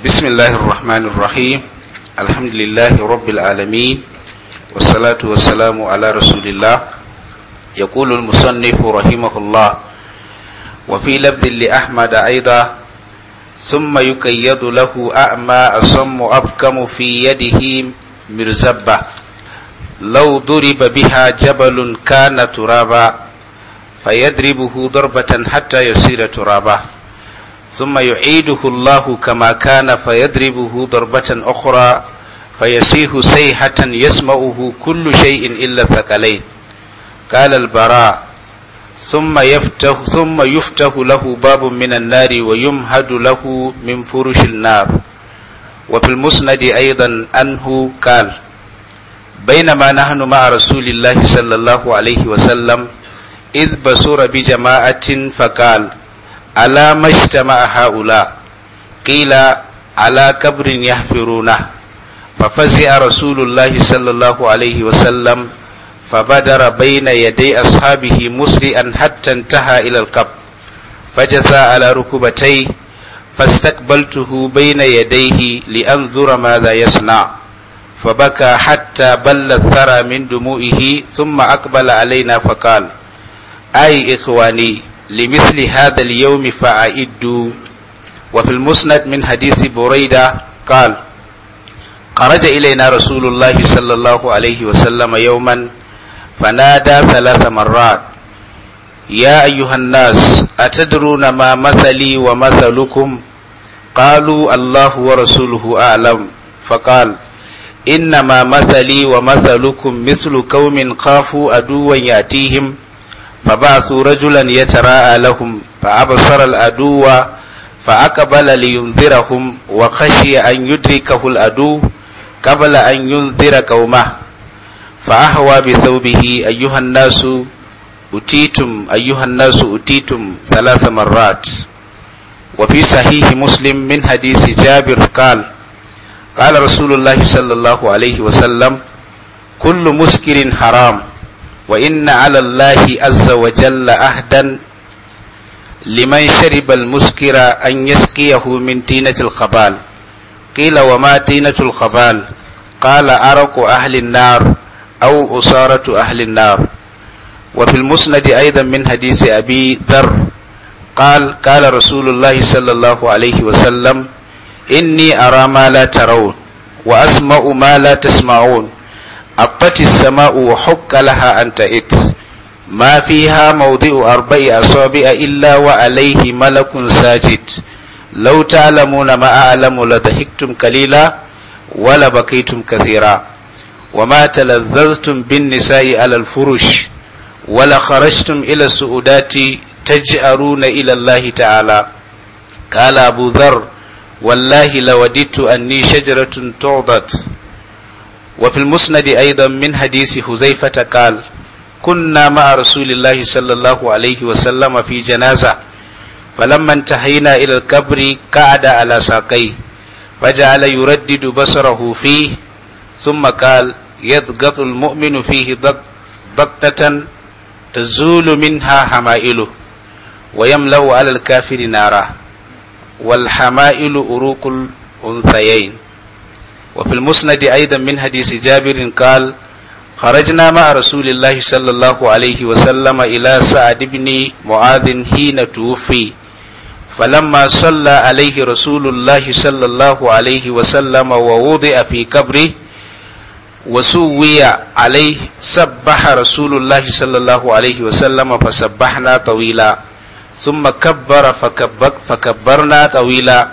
بسم الله الرحمن الرحيم الحمد لله رب العالمين والصلاة والسلام على رسول الله يقول المصنف رحمه الله وفي لفظ لأحمد أيضا ثم يكيد له أعمى أصم أبكم في يده مرزبة لو ضرب بها جبل كان ترابا فيضربه ضربة حتى يصير ترابا ثم يعيده الله كما كان فيضربه ضربة أخرى فيسيه سيحة يسمعه كل شيء إلا الثقلين قال البراء ثم يفتح ثم يفتح له باب من النار ويمهد له من فرش النار وفي المسند أيضا أنه قال بينما نحن مع رسول الله صلى الله عليه وسلم إذ بصر بجماعة فقال ala majtama haula Ƙila. ala kabrin yahfiruna fa fazi'a rasulullahi sallallahu alaihi wa sallam fa badara baina yaday ashabihi musri'an hatta intaha ila al-qab fajaza ala rukubatay fastaqbaltuhu baina yadayhi li anzura madha yasna فبكى حتى بل الثرى من دموعه ثم alaina علينا فقال أي إخواني لمثل هذا اليوم فأعدوا وفي المسند من حديث بريدة قال خرج إلينا رسول الله صلى الله عليه وسلم يوما فنادى ثلاث مرات يا أيها الناس أتدرون ما مثلي ومثلكم قالوا الله ورسوله أعلم فقال إنما مثلي ومثلكم مثل قوم خافوا أدوا يأتيهم فبعثوا رجلا يتراءى لهم فأبصر العدو فأقبل لينذرهم وخشي أن يدركه العدو قبل أن ينذر قومه فأهوى بثوبه أيها الناس أتيتم أيها الناس أتيتم ثلاث مرات وفي صحيح مسلم من حديث جابر قال قال رسول الله صلى الله عليه وسلم كل مسكر حرام wa inna alallahi azza wa jalla ahdan liman shariba almuskira an yasqiyahu min tinatil khabal qila wa ma tinatul khabal qala araqu ahli nar aw usaratu ahli nar wa fil musnad aidan min hadisi abi dhar qal qala rasulullah sallallahu alayhi wa sallam inni ara la tarawun wa asma'u ma la tasma'un habbati sama'u wa hukka laha it. ta'it ma fiha mawdi'u arba'i asabi'a illa wa alayhi malakun sajid law ta'lamuna ma a'lamu la dhahiktum qalila wa la bakaytum kathira wa ma taladzaztum bin nisa'i 'ala al-furush wa la kharajtum ila su'udati تجأرون إلى ta'ala. تعالى قال wallahi ذر والله لوددت أني شجرة تعضد وفي المسند أيضا من حديث حذيفة قال كنا مع رسول الله صلى الله عليه وسلم في جنازة فلما انتهينا إلى القبر قعد على ساقيه فجعل يردد بصره فيه ثم قال يضغط المؤمن فيه ضغطة تزول منها حمائله ويملأ على الكافر نارا والحمائل أروق الأنثيين وفي المسند أيضا من حديث جابر قال خرجنا مع رسول الله صلى الله عليه وسلم إلى سعد بن معاذ حين توفي فلما صلى عليه رسول الله صلى الله عليه وسلم ووضع في قبره وسوي عليه سبح رسول الله صلى الله عليه وسلم فسبحنا طويلا ثم كبر فكبر فكبرنا طويلا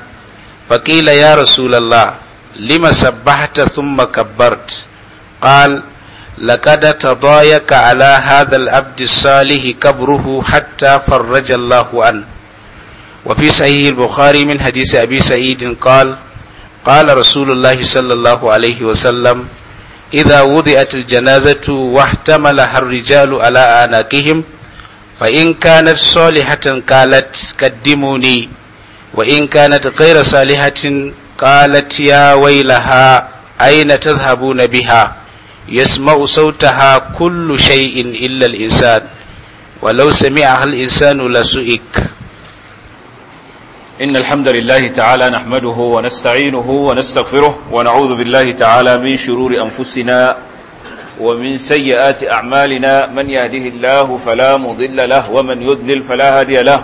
فقيل يا رسول الله لما سبحت ثم كبرت قال لقد تضايق على هذا العبد الصالح كبره حتى فرج الله عنه وفي صحيح البخاري من حديث أبي سعيد قال قال رسول الله صلى الله عليه وسلم إذا وضعت الجنازة واحتملها الرجال على أعناقهم فإن كانت صالحة قالت قدموني وإن كانت غير صالحة قالت يا ويلها أين تذهبون بها يسمع صوتها كل شيء إلا الإنسان ولو سمعها الإنسان لسئك إن الحمد لله تعالى نحمده ونستعينه ونستغفره ونعوذ بالله تعالى من شرور أنفسنا ومن سيئات أعمالنا من يهده الله فلا مضل له ومن يضلل فلا هادي له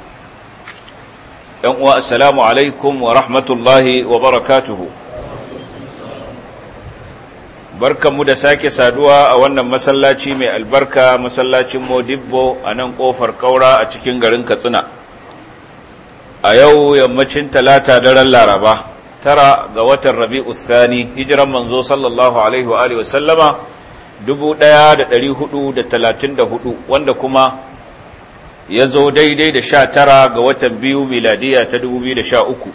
yan uwa assalamu alaikum wa rahmatullahi wa barakatuhu barkanmu da sake saduwa a wannan masallaci mai albarka masallacin modibbo a nan kofar kaura a cikin garin katsina a yau yammacin talata daren laraba tara ga watan rabi'u Sani, hijiran manzo sallallahu alaihi wa da wa sallama 1434 wanda kuma ya zo daidai da sha tara ga watan biyu miladiya ta dubu biyu da sha uku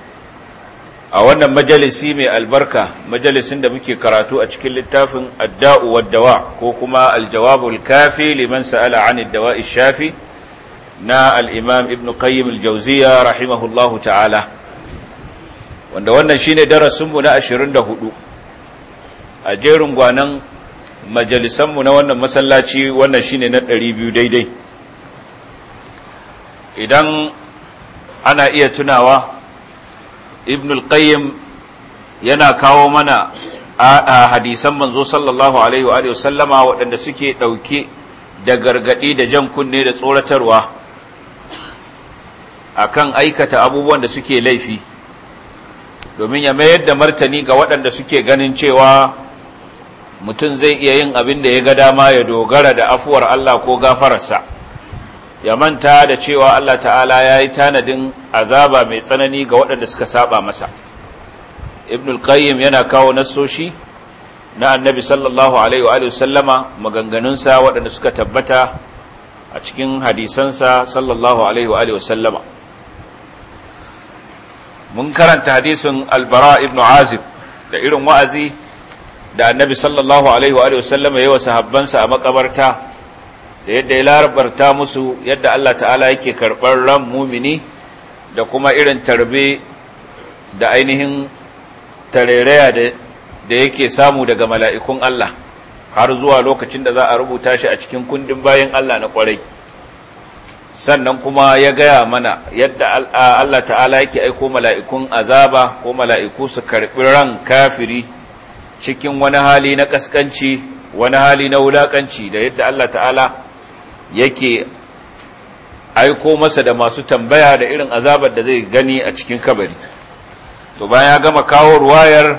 a wannan majalisi mai albarka majalisin da muke karatu a cikin littafin adda'u waddawa ko kuma aljawabul kafi liman sa'ala an dawa'i na al'imam ibn qayyim aljauziya rahimahullahu ta'ala wanda wannan shine darasinmu na ashirin da hudu a jerin gwanan majalisanmu na wannan masallaci wannan shine na ɗari biyu daidai idan ana iya tunawa ibn al-qayyim yana kawo mana a hadisan manzo sallallahu alaihi wa sallama waɗanda suke ɗauke da gargaɗi da jan kunne da tsoratarwa akan aikata abubuwan da suke laifi domin ya mayar da martani ga waɗanda suke ganin cewa mutum zai iya yin abin da ya ga dama ya dogara da afuwar Allah ko gafararsa ya manta da cewa Allah ta'ala ya yi tanadin azaba mai tsanani ga waɗanda suka saba masa ibn qayyim yana kawo nasoshi na annabi sallallahu alaihi wa sallama maganganunsa waɗanda suka tabbata a cikin hadisansa sallallahu alaihi wa sallama mun karanta hadisin albara ibn azib da irin wa'azi da annabi sallallahu alaihi wa sallama sahabbansa a makabarta da yadda ya larabarta musu yadda Allah ta'ala yake karɓar ran mumini da kuma irin tarbe da ainihin tareraya da yake samu daga mala'ikun Allah har zuwa lokacin da za a rubuta shi a cikin kundin bayan Allah na ƙwarai sannan kuma ya gaya mana yadda Allah ta'ala yake aiko mala'ikun azaba ko mala'iku su karɓi ran kafiri cikin wani hali na ƙasƙanci wani hali na wulaƙanci da yadda Allah ta'ala yake aiko masa da masu tambaya da irin azabar da zai gani a cikin kabari to bayan ya gama kawo ruwayar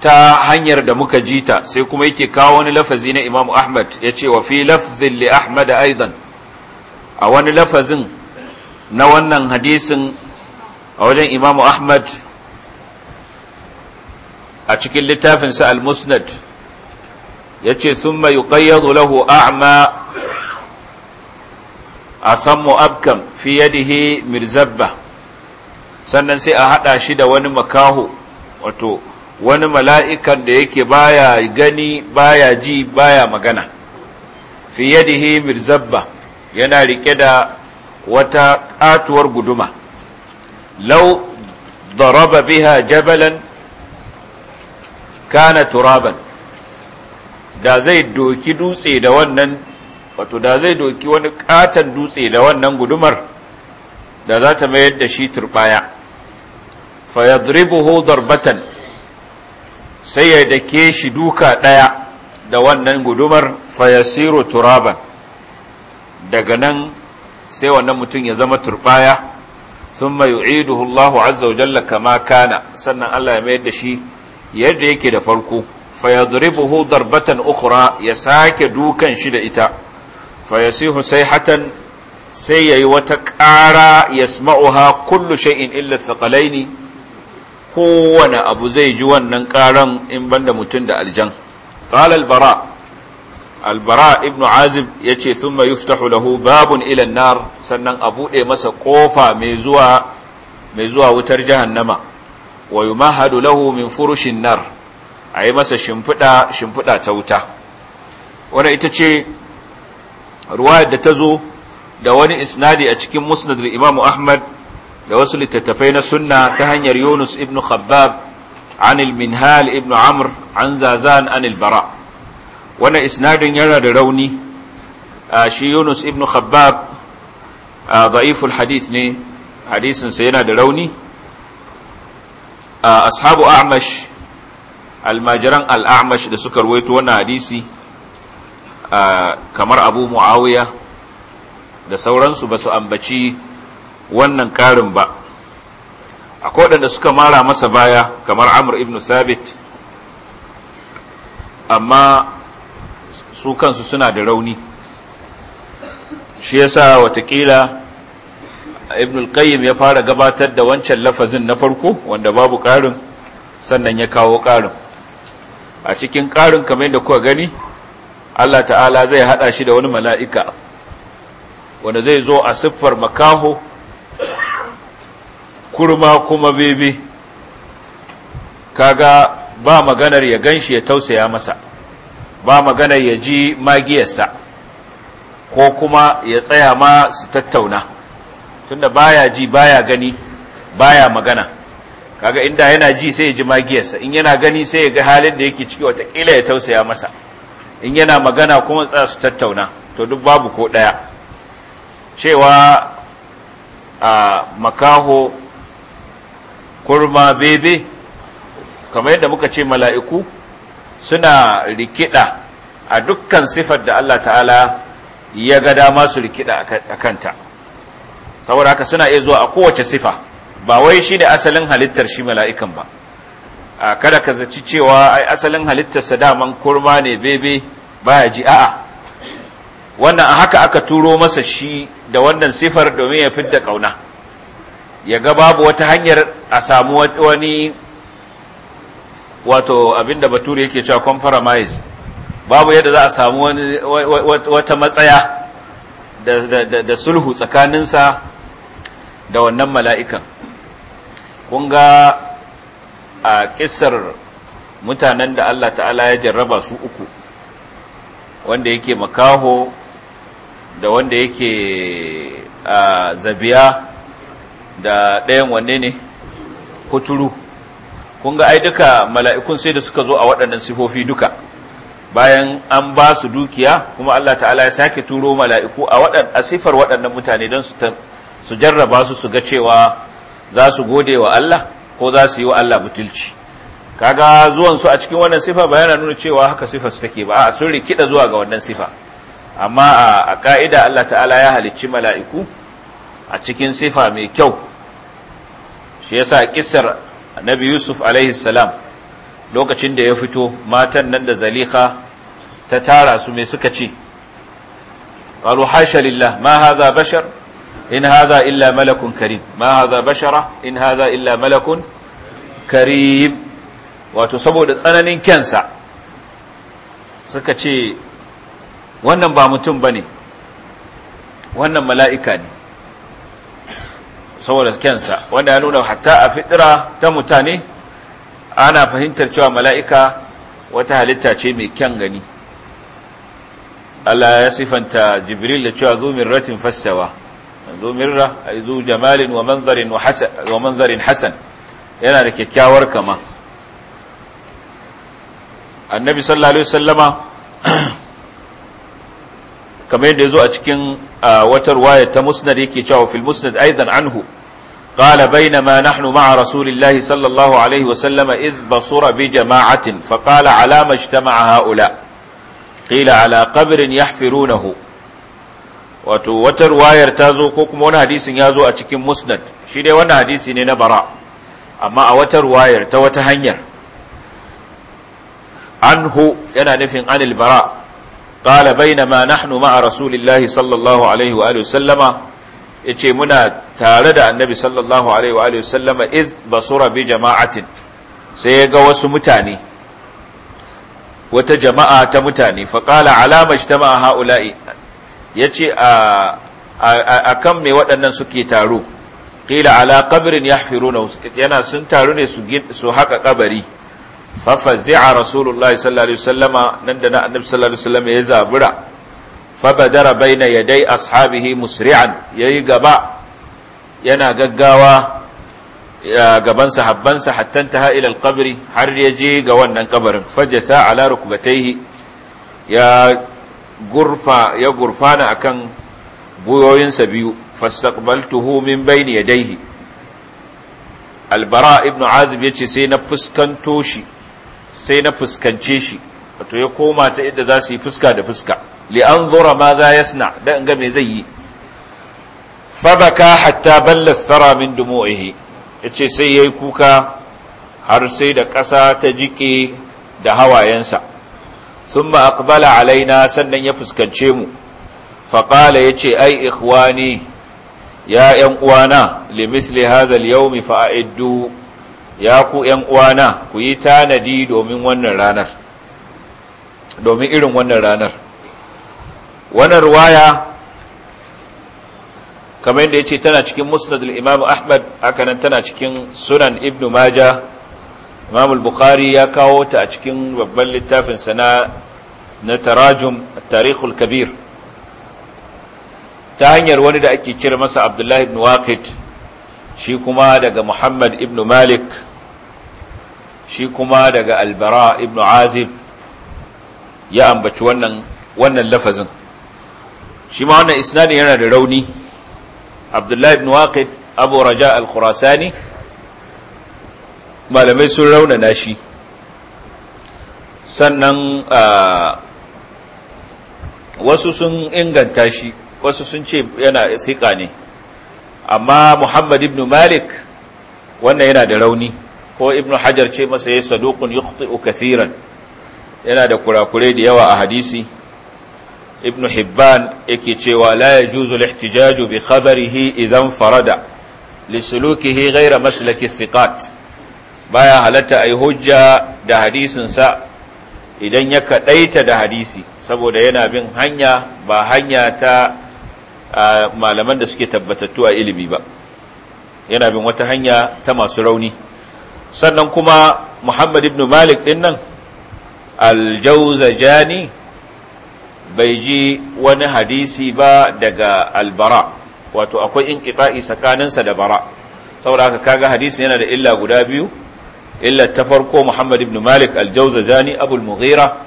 ta hanyar da muka jita sai kuma yake kawo wani lafazi na imamu ahmad ya ce wa fi lafzin li ahmad aidan a wani lafazin na wannan hadisin a wajen imamu ahmad a cikin littafinsa al-musnad yace summa yuqayyadu lahu a'ma asammu abkam fi yadihi mirzabba sannan sai a haɗa shi da wani makaho wato wani mala'ikan da yake baya gani baya ji baya magana fi yadihi mirzabba yana rike da wata katuwar guduma lau daraba biha jabalan kana turaban da zai doki dutse da wannan wato da zai doki wani katon dutse da wannan gudumar da za ta mayar da shi turbaya fa yadribuhu darbatan sai ya dake shi duka daya da wannan gudumar fa yasiru turaban daga nan sai wannan mutum ya zama turbaya thumma yu'iduhu Allahu azza wa jalla kama kana sannan Allah ya mayar da shi yadda yake da farko fayadribuhu darbatan ukhra ya sake dukan shi da ita fayasihu sayhatan sai yayi wata ƙara yasma'uha kullu shay'in illa thaqalaini kowane abu zai ji wannan ƙaran in banda mutum da aljan qala al-bara albara ibn azib ya ce sun mai yuftahu lahu babun ilan nar sannan a buɗe masa ƙofa mai zuwa wutar jahannama wa yi lahu min furushin nar a yi masa shimfiɗa ta wuta wannan ita ce ruwayar da ta zo da wani isnadi a cikin musnad al-Imam Ahmad da wasu littattafai na sunna ta hanyar Yunus ibn Khabbab an minhal ibn Amr an Zazan an al-Bara wannan isnadin yana da rauni shi Yunus ibn Khabbab da'iful hadith ne hadisin yana da rauni ashabu A'mash almajiran al'amash da suka ruwaito wannan hadisi kamar abu muawiya da sauransu ba su ambaci wannan karin ba A waɗanda suka mara masa baya kamar Amur ibn sabit amma su kansu suna da rauni shi yasa watakila ibn al-qayyim ya fara gabatar da wancan lafazin na farko wanda babu karin sannan ya kawo karin a cikin ƙarin kamar da kuka gani Allah ta'ala zai haɗa shi da wani mala'ika wanda zai zo a siffar makaho kurma kuma bebe kaga ba maganar ya ganshi ya tausaya masa ba maganar ya ji magiyarsa ko kuma ya tsaya ma su tattauna tunda baya ji baya gani baya magana kaga inda yana ji sai ya ji magiyarsa in yana gani sai ya ga halin da yake ciki watakila ya tausaya masa in yana magana kuma tsa su tattauna to duk babu ko ɗaya cewa a makaho kurma bebe kamar yadda muka ce mala'iku suna rikida a dukkan sifar da Allah ta'ala ya ga dama su rikida a kanta saboda haka suna iya zuwa a kowace sifa ba wai shi da asalin halittar shi mala'ikan ba a kada ka zaci cewa ai asalin halittarsa daman kurma ne bebe baya ji a'a wannan a haka aka turo masa shi da wannan sifar domin ya fidda kauna ya ga babu wata hanyar a samu wani wato abinda bature yake cewa compromise babu yadda za a samu wata matsaya da sulhu tsakaninsa da wannan mala'ikan kun ga a kisar mutanen da Allah ta'ala ya jarraba su uku wanda yake makaho da wanda yake a zabiya da ɗayan wanne ne kuturu kun ga ai duka mala'ikun sai da suka zo a waɗannan sifofi duka bayan an ba su dukiya kuma Allah ta'ala ya sake turo mala'iku a siffar sifar waɗannan mutane don su jarraba su su ga cewa za su gode wa Allah ko za su yi wa Allah butulci kaga zuwan su a cikin wannan sifa ba yana nuna cewa haka sifa su take ba a sun rikida zuwa ga wannan sifa amma a ka'ida Allah ta'ala ya halicci mala'iku a cikin sifa mai kyau shi yasa kissar annabi Yusuf alaihi salam lokacin da ya fito matan nan da Zalika ta tara su mai suka ce qalu hasha lillah ma hadha bashar in haza illa malakun karim ma haza bashara in haza illa malakun karim wato saboda tsananin kensa suka ce wannan ba mutum ba ne wannan mala'ika ne saboda kensa wanda ya nuna hatta a fitira ta mutane ana fahimtar cewa mala'ika wata halitta ce mai kyan gani Allah ya sifanta Jibril da cewa zumin ratin fasawa. yanzu mirra jamalin wa manzarin hassan yana da kyakkyawar kama annabi sallallahu alaihi sallama kamar yadda ya a cikin watar wayar ta musnad yake cewa fil musnad aizan anhu qala bainama nahnu ma'a rasulillahi sallallahu alaihi wa sallama idh basura bi jama'atin fa qala ala majtama'a haula qila ala qabrin yahfirunahu wato wata ruwayar ta zo ko kuma wani hadisin ya zo a cikin musnad shi dai wannan hadisi ne na bara amma a wata ruwayar ta wata hanyar anhu yana nufin anil bara qala bainama nahnu ma'a rasulillahi sallallahu alaihi wa sallama yace muna tare da annabi sallallahu alaihi wa sallama id basura bi jama'atin sai ga wasu mutane wata jama'a ta mutane faqala alama ijtama'a ha'ula'i ya ce a kan mai waɗannan suke taro ƙila ala ƙabirin ya yana sun taru ne su haƙa ƙabari fafazi'a rasulullahi sallallahu alaihi nan da na sallallahu alaihi ya zabura fabadara baina yadai ashabihi musri'an yayi gaba yana gaggawa gaban sahabbansa hattanta ta ila har ya je ga wannan ƙabarin fajatha ala rukbatayhi ya gurfa ya gurfana akan buyoyinsa biyu fastaqbaltuhu min bayni yadayhi albara ibn azib yace sai na fuskanto shi sai na fuskance shi wato ya koma ta inda za su yi fuska da fuska li anzura ma za yasna da in ga me zai yi fabaka hatta balla thara min dumu'ihi yace sai yayi kuka har sai da ƙasa ta jike da hawayensa Sun aqbala alaina sannan ya fuskance mu faqala ce, ai ikhwani ya ‘yan’uwana uwana Hazal yau mi fa’a’iddu ya ku yan uwana ku yi tanadi domin wannan ranar domin irin wannan ranar wannan ruwaya kamar yadda ce, tana cikin musnad imam ahmad hakanan tana cikin sunan Ibn majah imam al-bukhari ya kawo ta a cikin babban littafin sana na tarajum tarihul kabir ta hanyar wani da ake kira masa abdullahi ibn waqid shi kuma daga muhammad ibn malik shi kuma daga albara ibn azib ya ambaci wannan wannan lafazin shi ma wannan isnadin yana da rauni abdullahi ibn waqid abu raja al-khurasani malamai sun raunana shi sannan wasu sun inganta shi wasu sun ce yana siƙa ne amma muhammad ibn malik wannan yana da rauni ko ibn hajar ce masa ya saduqun yukhti'u kathiran yana da kurakurai da yawa a hadisi ibn hibban yake cewa la yajuzu al-ihtijaju bi khabarihi idan farada li sulukihi ghayra maslaki thiqat baya halatta a yi hujja da hadisinsa idan ya kaɗaita da hadisi saboda yana bin hanya ba hanya ta malaman da suke tabbatattu a ilimi ba yana bin wata hanya ta masu rauni sannan kuma muhammad ibn malik ɗin nan aljauzajani bai ji wani hadisi ba daga albara wato akwai in tsakaninsa da bara saboda haka kaga hadisi yana da illa guda biyu illa ta farko muhammad ibn malik al-jawzajani abul mughira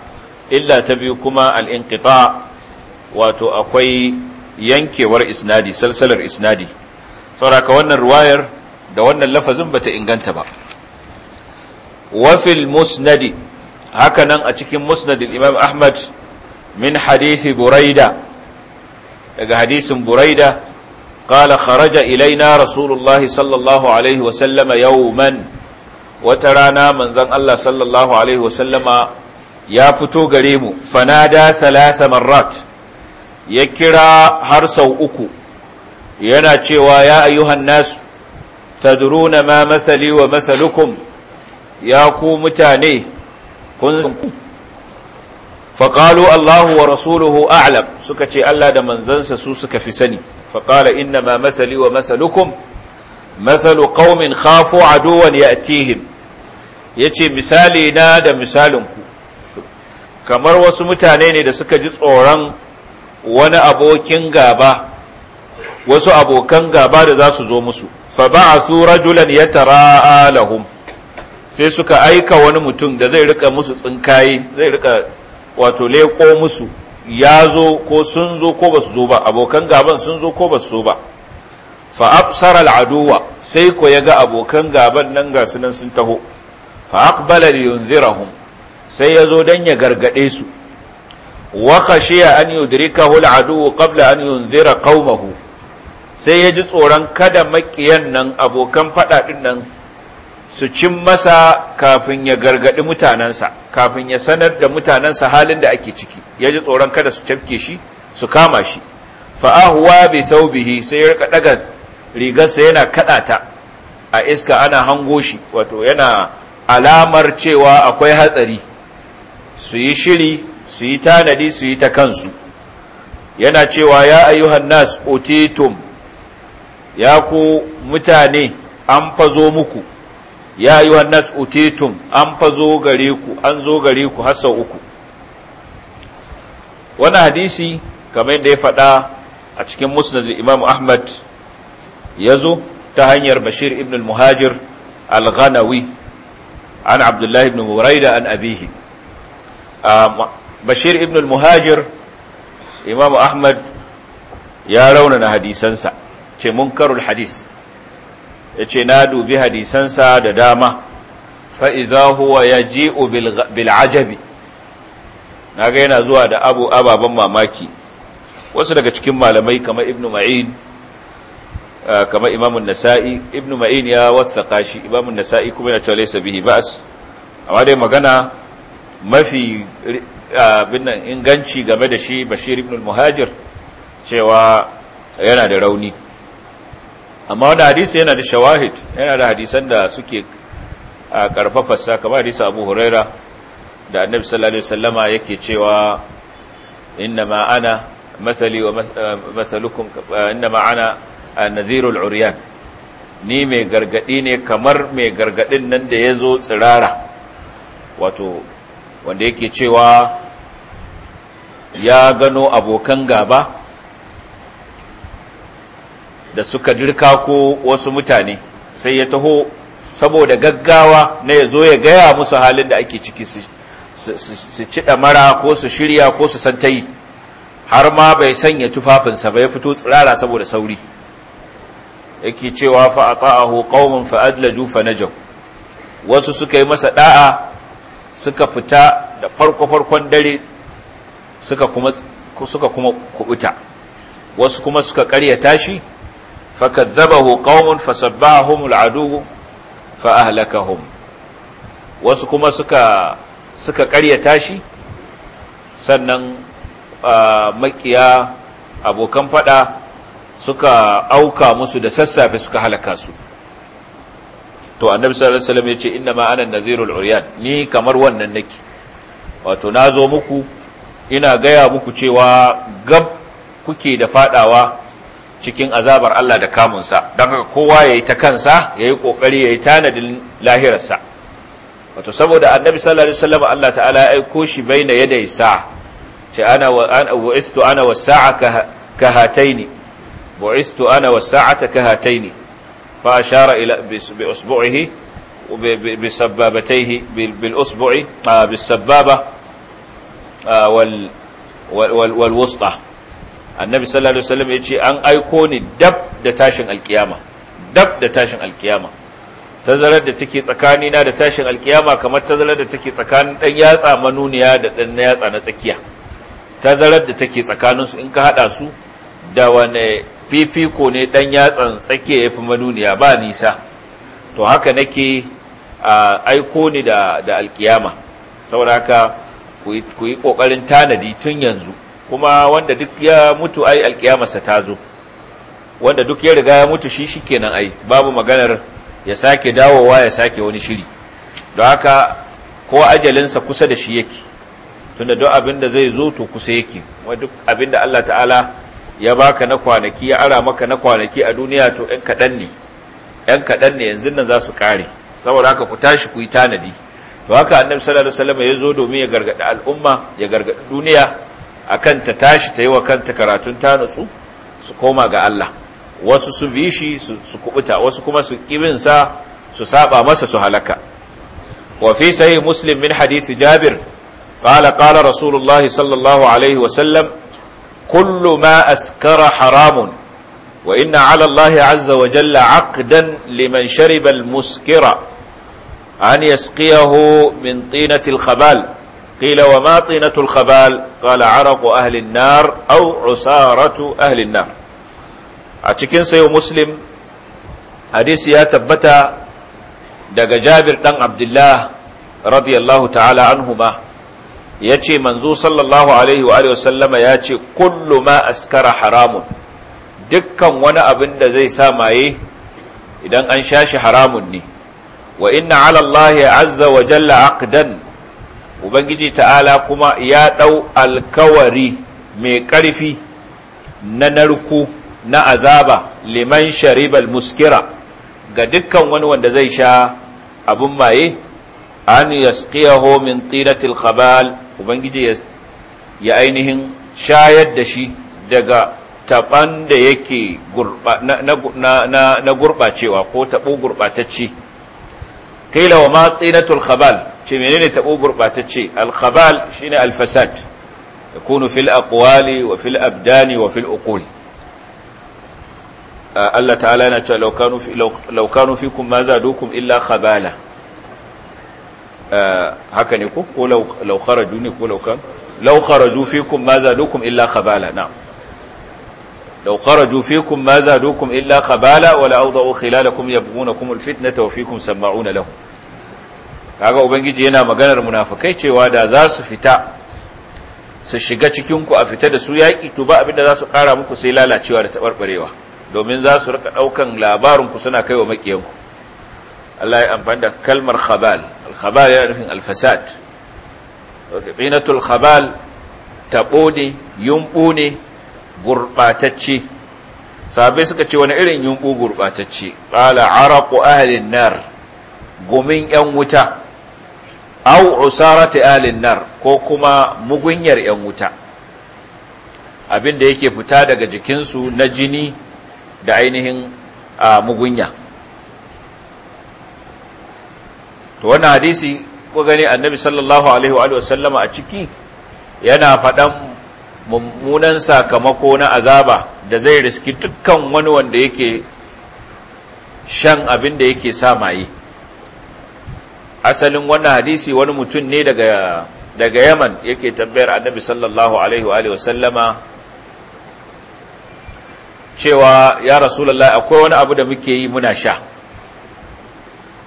illa ta biyu kuma al-inqita wato akwai yankewar isnadi salsalar isnadi sauraka wannan ruwayar da wannan lafazin bata inganta ba wafil musnadi haka nan a cikin musnad imam ahmad min hadithi buraida daga hadisin buraida قال kharaja ilaina رسول sallallahu alaihi wa عليه وسلم wata rana manzon Allah sallallahu alaihi wasallama ya fito gare mu fanada thalatha marrat ya kira har sau uku yana cewa ya ayyuhan nas tadruna ma mathali wa ya ku mutane kun faqalu Allahu wa rasuluhu a'lam suka ce Allah da manzansa su suka fi sani faƙala inna ma mathali wa masalu qaumin khafu aduwan ya'tihim yace misali na da misalin ku kamar wasu mutane ne da suka ji tsoron wani abokin gaba wasu abokan gaba da za su zo musu fa ba'athu rajulan yatara'a lahum sai suka aika wani mutum da zai rika musu tsinkaye zai rika wato leko musu ya zo ko sun zo ko ba su zo ba abokan gaban sun zo ko ba su zo ba fa'absara al'aduwa sai ko ya ga abokan gaban nan ga sunan sun taho fa'aqbala liyunzirahum sai ya zo don ya gargaɗe su wa khashiya an yudrikahu al'aduwu kabla an yunzira qaumahu sai ya ji tsoron kada makiyan nan abokan faɗaɗin nan su cin masa kafin ya gargaɗi mutanensa kafin ya sanar da mutanensa halin da ake ciki ya ji tsoron kada su cafke shi su kama shi fa'ahuwa bi saubihi sai ya rika daga rigarsa yana kaɗa ta a iska ana hango shi wato yana alamar cewa akwai hatsari su yi shiri su yi tanadi su yi ta kansu yana cewa ya ayyuhan nas otitum ya ku mutane an fazo muku ya ayyuhan nas otitum an fazo gare ku an zo gare ku hasa uku wani hadisi kamar da ya faɗa a cikin musnad imam ahmad ya zo ta hanyar bashir ibn al-muhajir al-ghanawi an abdullahi ibn muraida an abihi bashir ibn al-muhajir imam ahmad ya raunana hadisansa ce munkarul hadis ya ce na dubi hadisansa da dama fa'iza huwa ya ji bil'ajabi na ga yana zuwa da abu ababen mamaki wasu daga cikin malamai kamar ibn ma'in Ah, kamar imamun nasa'i Ibn ma'in ya wasaka shi imamun nasa'i kuma yana cewa laysa bihi ba'as amma dai magana mafi ah, abin inganci game da shi bashir ibn al-muhajir cewa yana da rauni amma wani hadisi yana da shawahid yana da hadisan da suke a ah, karfafarsa kamar hadisi abu huraira da annabi sallallahu alaihi wasallama yake cewa inna ma ana wa mathalukum inna ma ana a nazirul uryan ni mai gargadi ne kamar mai gargadin nan da ya zo tsirara wato wanda yake cewa ya gano abokan gaba da suka dirka ko wasu mutane sai ya taho saboda gaggawa na ya zo ya gaya musu halin da ake ciki su ci mara ko su shirya ko su santayi har ma bai sanya tufafinsa bai fito tsirara saboda sauri yake cewa fa a qaumun fa adlaju fa najaw wasu suka yi masa ɗa'a suka fita da farko farkon dare suka kuma kubuta wasu kuma suka karyata shi fa kadzabahu qaumun fa sabbahum al'adu fa ahlakahum wasu kuma suka suka tashi shi sannan ah, makiya abokan fada suka auka musu da sassafe suka halaka su to annabi sallallahu alaihi wasallam yace inna ma ana nazirul uryan ni kamar wannan nake wato nazo muku ina gaya muku cewa gab kuke da fadawa cikin azabar Allah da kamunsa don haka kowa yayi ta kansa yayi kokari yayi tanadin lahirarsa wato saboda annabi sallallahu alaihi wasallam Allah ta'ala ya aiko shi baina yadaysa ce ana wa an ana was sa'a ka bu'istu ana wasa'ata kahataini fa ashara ila bi usbu'ihi bi sabbabatayhi bil usbu'i bis sabbaba wal wal wusta annabi sallallahu alaihi wasallam an aiko ni dab da tashin alkiyama dab da tashin alkiyama tazarar da take tsakani na da tashin alkiyama kamar tazarar da take tsakanin dan yatsa manuniya da dan yatsa na tsakiya tazarar da take tsakaninsu in ka hada su da wane fifiko ne dan yatsan tsakiya ya fi manuniya ba nisa to haka nake aiko ni da alkiyama sauraka ku yi ƙoƙarin tanadi tun yanzu kuma wanda duk ya mutu ai alkiyamarsa ta zo wanda duk ya riga ya mutu shi shi kenan ai babu maganar ya sake dawowa ya sake wani shiri don haka ko ajalinsa kusa da shi yake tunda duk abin zai zo to kusa yake duk abinda Allah ta'ala ya baka na kwanaki ya ara maka na kwanaki a duniya to ɗan kaɗan ne ɗan kaɗan ne yanzu nan za su ƙare saboda haka ku tashi ku yi tanadi to haka annabi sallallahu alaihi wasallam ya zo domin ya gargaɗi al'umma ya gargaɗi duniya akan ta tashi ta yi wa kanta karatun ta nutsu su koma ga Allah wasu su bi shi su kubuta wasu kuma su kibin sa su saba masa su halaka wa fi sahih muslim min hadith jabir qala qala rasulullah sallallahu alaihi wasallam kullu ma askara haramun wa inna ala Allah azza wa jalla aqdan liman shariba al-muskira an yasqiyahu min tinati khabal قيل وما طينة الخبال قال عرق أهل النار أو عسارة أهل النار أتكين سيو مسلم حديث يا تبتا دق جابر بن عبد الله رضي الله تعالى عنهما ya ce manzo sallallahu alaihi wa sallama ya ce kullu ma askara haramun dukkan wani abin da zai sa maye idan an sha shi haramun ne wa inna ala Allah azza wa jalla aqdan ubangiji ta'ala kuma ya dau alkawari mai karfi na narku na azaba liman sharibal muskira ga dukkan wani wanda zai sha abun maye an yasqiyahu min tinatil khabal ubangiji ya ainihin shayar da shi daga taban da yake na gurɓacewa ko taɓo gurɓatacce kaila wa matsinatul khabal ce menene taɓo gurɓatacce alkhabal shine alfasad yakunu fil aqwali wa fil abdani wa fil uqul Allah ta'ala yana cewa law kanu fikum ma illa khabala Eh, haka ne ko ko law kharaju ne ko law kan law kharaju fikum ma zadukum illa khabala na'am law kharaju fikum ma zadukum illa khabala wala awdahu khilalakum yabghunakum alfitnata wa fikum sam'una lahu kaga ubangiji yana maganar munafikai cewa da za su fita su shiga cikin ku a fita da su yaki to ba da za su kara muku sai lalacewa da tabarbarewa domin za su rika daukan labarin ku suna kaiwa makiyanku Allah ya amfani da kalmar khabal al-khabal yana nufin al-fasad binatul khabal tabo ne yumbu ne gurbatacce sahabbai suka ce wani irin yumbu gurbatacce qala araqu ahli nar gumin yan wuta aw usarati ahli nar ko kuma mugunyar yan wuta abinda yake fita daga jikinsu na jini da ainihin mugunya to wannan hadisi ko gani annabi sallallahu alaihi wa sallama a ciki yana faɗan mummunan sakamako na azaba da zai riski dukkan wani wanda yake shan abin da yake sa maye asalin wannan hadisi wani mutum ne daga daga yaman yake tambayar annabi sallallahu alaihi wa sallama cewa ya rasulallah akwai wani abu da muke yi muna sha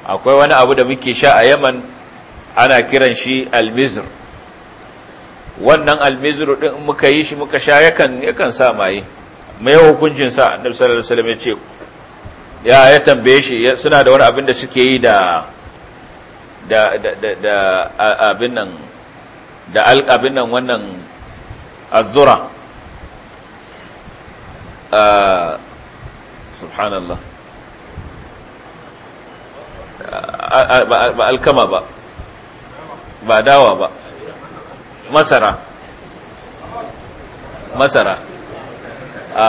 akwai wani abu da muke sha a yaman ana kiran shi almizir wannan almizir ɗin muka yi shi muka sha yakan yakan sa maye mai hukuncin sa annabi sallallahu alaihi wasallam ya ce ya ya tambaye shi suna da wani abin da suke yi da da da da abin nan da alqabin nan wannan azzura ah, subhanallah ba alkama ba ba dawa ba masara masara a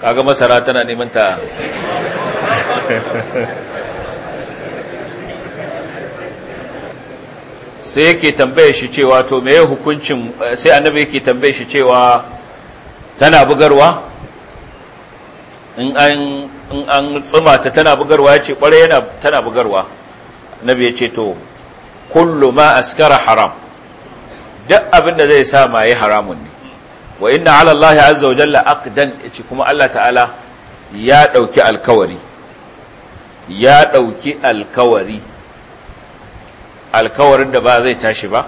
kaga masara tana neman ta sai yake tambaye shi cewa to me hukuncin sai annabi yake tambaye shi cewa tana bugarwa in an in an tsuma ta tana bugarwa ya ce kwarai yana tana bugarwa nabi ya ce to kullu ma askara haram duk abin da zai sa ma maye haramun ne wa inna ala Allah azza wa jalla aqdan yace kuma Allah ta'ala ya ɗauki alkawari ya dauki alkawari alkawarin da ba zai tashi ba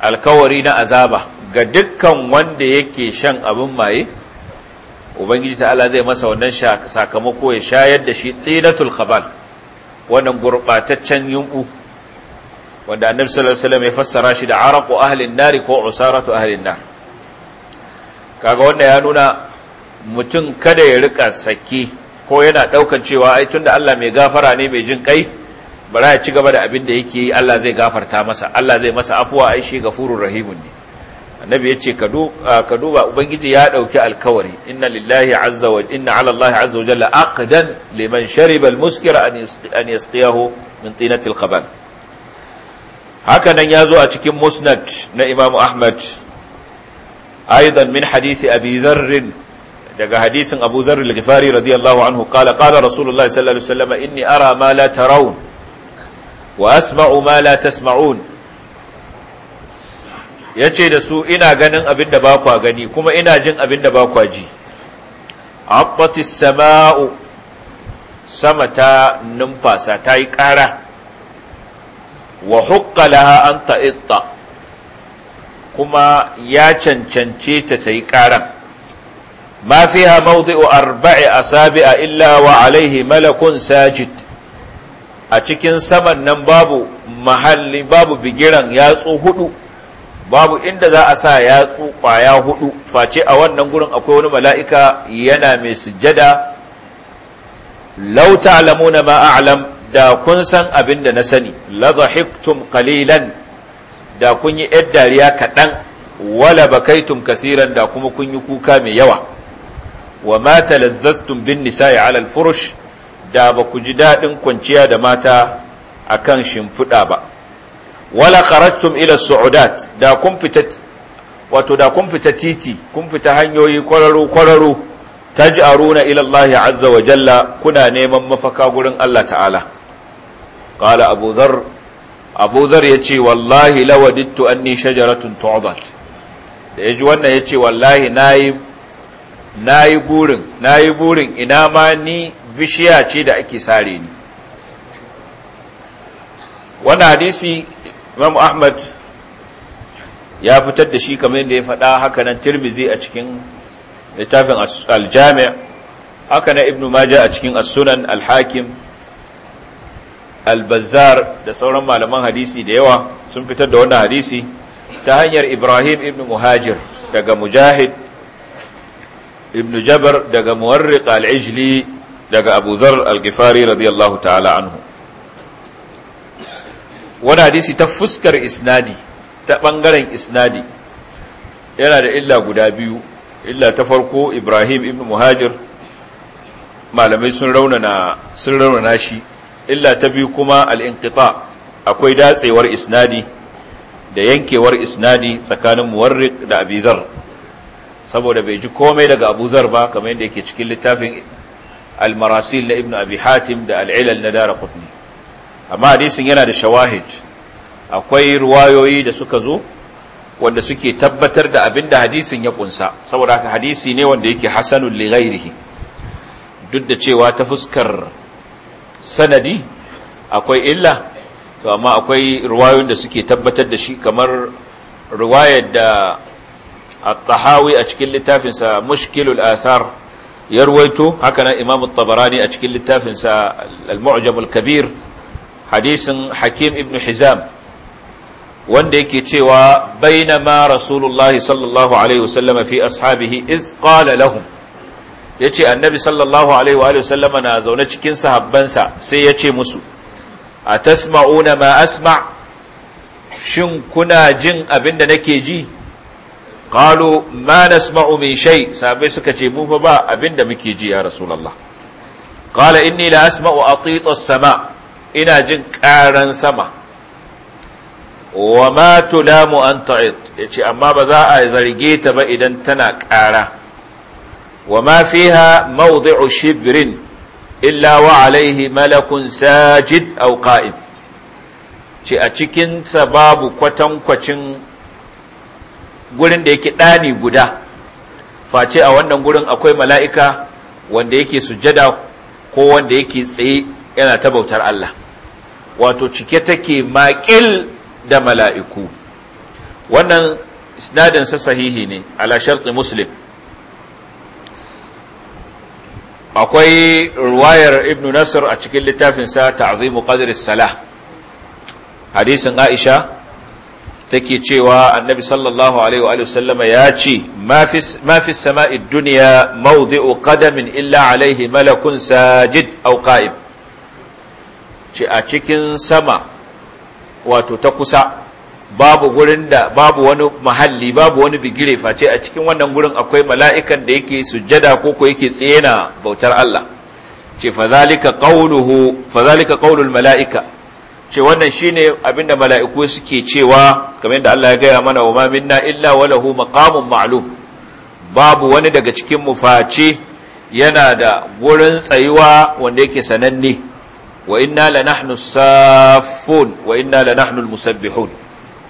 alkawari na azaba ga dukkan wanda yake shan abin maye ubangiji ta ta'ala zai masa wannan sakamako ya shayar da shi tsinatul khabal wannan gurbataccen yumbu wanda annabi sallallahu alaihi wasallam ya fassara shi da araqu ahli Nari ko usaratu ahli an kaga wannan ya nuna mutum kada ya rika saki ko yana daukan cewa ai tunda Allah mai gafara ne mai jin kai bara ya ci gaba da abin da yake yi Allah zai gafarta masa Allah zai masa afuwa ai shi gafurur rahimun ne annabi ya ce ka duba ubangiji ya ɗauki alkawari inna lillahi azza wa inna ala allahi azza wa jalla aqdan liman shariba almuskira an yasqiyahu min tinati alkhaban haka nan ya zo a cikin musnad na imamu ahmad aidan min hadisi abi dharr daga hadisin abu dharr al-ghifari radiyallahu anhu qala qala rasulullahi sallallahu alaihi wasallam inni ara ma la tarawun wa asma'u ma la tasma'un ya ce da su ina ganin abin da ba kwa gani kuma ina jin abin da ba kwa ji abbatis sama'u sama ta numfasa ta yi ƙara wa hukkalaha an ta'itta kuma ya cancance ta ta yi ƙaran ma fiha mawdi'u arba'i a a illa wa alaihi malakun sajid a cikin saman nan babu mahalli babu bigiran yatsu hudu babu inda za a sa yatsu kwaya hudu face a wannan gurin akwai wani mala'ika yana mai sujjada lauta ta'lamuna ma da kun san abin da na sani la dhahiktum da kun yi yar dariya kaɗan wala bakaitum kathiran da kuma kun yi kuka mai yawa wa mata lazzattun bin nisa'i ala furush da ba ku ji daɗin kwanciya da mata akan shimfiɗa ba wala kharajtum ila su'udat da kun fita wato da kun fita titi kun fita hanyoyi kwararo kwararo taj'aruna ila Allah azza wa jalla kuna neman mafaka gurin Allah ta'ala qala abu dhar abu dhar yace wallahi lawadittu anni shajaratun tu'bat da yaji wannan yace wallahi nayi nayi burin nayi burin ina ma ni bishiya ce da ake sare ni wannan hadisi imam ahmad ya fitar da shi kamar yadda ya faɗa haka nan tirmizi a cikin littafin aljami' haka na ibnu maja a cikin as-sunan al-hakim al-bazzar da sauran malaman hadisi da yawa sun fitar da wannan hadisi ta hanyar ibrahim ibnu muhajir daga mujahid ibnu jabar daga muwarriq al-ijli daga abu dhar al-ghifari radiyallahu ta'ala anhu wani hadisi ta fuskar isnadi ta ɓangaren isnadi yana da illa guda biyu illa ta farko ibrahim ibn muhajir malamai sun raunana sun raunana shi illa ta biyu kuma al'inƙita akwai datsewar isnadi da yankewar isnadi tsakanin muwarrik da abizar saboda bai ji komai daga abuzar ba kamar yadda yake cikin littafin almarasil na ibn abi hatim da al'ilal na dara kutni amma hadisin yana da shawahid akwai ruwayoyi da suka zo wanda suke tabbatar da abinda hadisin ya kunsa saboda haka hadisi ne wanda yake hasanul li ghairihi duk da cewa ta fuskar sanadi akwai illa to amma akwai ruwayoyin da suke tabbatar da shi kamar riwayar da at-tahawi a cikin littafinsa mushkilul athar yarwaito ruwaito haka nan imam at-tabarani a cikin littafinsa al kabir hadisin hakim Ibnu hizam wanda yake cewa bainama rasulullahi sallallahu alaihi wasallama fi ashabihi iz qala lahum yace annabi sallallahu na zaune cikin sahabbansa sai yace musu atasma'una ma asma' shin kuna jin abin da nake ji qalu ma nasma'u min shay sahabbai suka ce mu fa ba abin da muke ji ya rasulullah qala inni la asma'u atita as-sama' ina jin ƙaran sama wa ma tulamu an ta'id ce amma ba za a zarge ta ba idan tana ƙara wa ma ha mawdi'u shibrin illa wa alaihi malakun sajid au ce a cikin sa babu kwatankwacin gurin da yake ɗani guda face a wannan gurin akwai mala'ika wanda yake sujada ko wanda yake tsaye yana ta bautar Allah wato cike take maƙil da mala'iku wannan isnadinsa sahihi ne ala sharti muslim akwai ruwayar ibn nasir a cikin littafinsa ta'zimu qadris salah hadisin aisha take cewa annabi sallallahu alaihi wa sallama ya ce ma fi sama'i dunya mawdi'u qadamin illa alaihi malakun sajid au qa'im Ce a cikin sama wato ta kusa babu gurin da babu wani mahalli babu wani bigire face a cikin wannan gurin akwai mala'ikan da yake sujada ko ko yake tsena bautar Allah ce fazalika qauluhu mala'ika ce wannan shine abinda mala'iku suke cewa kamar da Allah ya gaya mana wa ma minna illa walahu maqamun ma'lum babu wani daga cikin mu face yana da gurin tsayuwa wanda yake sananne wa inna la nahnu saffun wa inna la nahnu musabbihun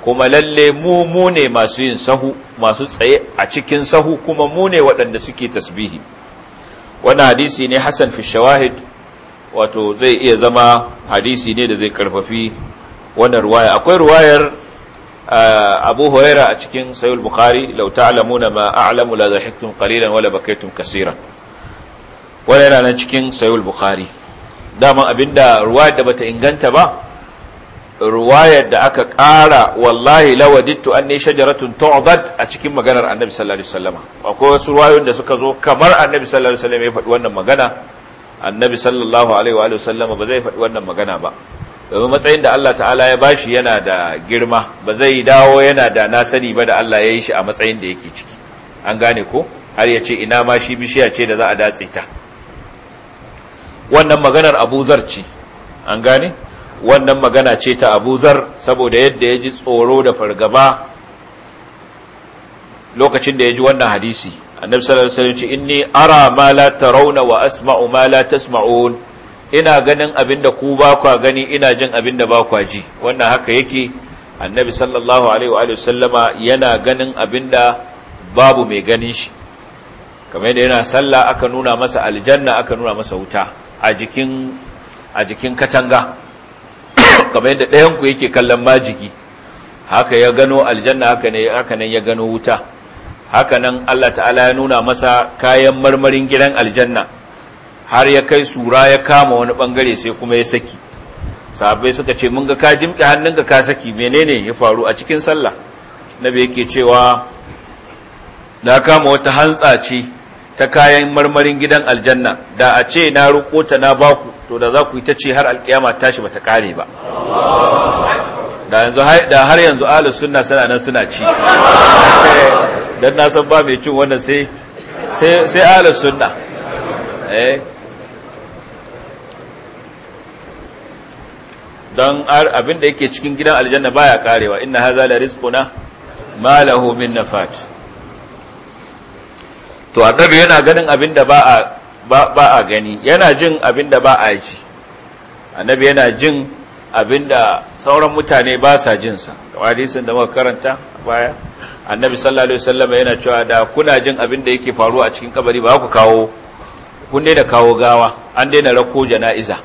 kuma lalle mu mu ne masu yin sahu masu tsaye a cikin sahu kuma mu ne waɗanda suke tasbihi wannan hadisi ne hasan fi shawahid wato zai iya zama hadisi ne da zai karfafi wannan ruwaya akwai ruwayar abu huraira a cikin sayul bukhari lau ta'lamuna ma a'lamu la zahiktum qalilan wala bakaytum kaseeran wala yana nan cikin sayul bukhari daman abinda ruwayar da bata inganta ba ruwayar da aka ƙara wallahi lawadittu anni shajaratun tu'dad a cikin maganar annabi sallallahu alaihi wasallam akwai wasu ruwayoyin da suka zo kamar annabi sallallahu alaihi wasallam ya faɗi wannan magana annabi sallallahu alaihi wa sallam ba zai faɗi wannan magana ba domin matsayin da Allah ta'ala ya bashi yana da girma ba zai dawo yana da na sani ba da Allah ya yi shi a matsayin da yake ciki an gane ko har ya ce ina ma shi bishiya ce da za a datse ta wannan maganar abuzar ce an gane wannan magana ce ta abuzar saboda yadda ya ji tsoro da fargaba lokacin da ya ji wannan hadisi annabi sallallahu alaihi wasallam ce inni ara ma la tarawna wa asma'u ma la tasma'un ina ganin abinda ku ba kwa gani ina jin abinda ba kwa ji wannan haka yake annabi sallallahu alaihi wa sallama yana ganin abinda babu mai ganin shi kamar yadda yana sallah aka nuna masa aljanna aka nuna masa wuta a jikin a jikin katanga kamar yadda ɗayanku yake kallon majiki. haka ya gano aljanna haka ne haka nan ya gano wuta haka nan Allah ta'ala ya nuna masa kayan marmarin gidan aljanna har ya kai sura ya kama wani bangare sai kuma ya saki sahabbai suka ce mun ga ka jimke hannunka ka saki menene ya faru a cikin sallah nabi yake cewa na kama wata hantsa ce ta kayan marmarin gidan aljanna da a ce na roƙo ta na baku to da za ku yi ta ce har alƙiyama tashi bata kare ba da yanzu da har yanzu ahlus sunna suna nan suna ci dan na san ba mai cin wannan sai sai sai ahlus sunna eh dan abin da yake cikin gidan aljanna baya karewa inna hadha la rizquna ma lahu min nafat to annabi yana ganin abin da ba a gani yana jin abin da ba a ji annabi yana jin abin da sauran mutane ba sa jinsa hadisin da muka karanta baya annabi sallallahu alaihi wasallam yana cewa da kuna jin abin da yake faruwa a cikin kabari ba ku kawo kun da kawo gawa an daina rako jana'iza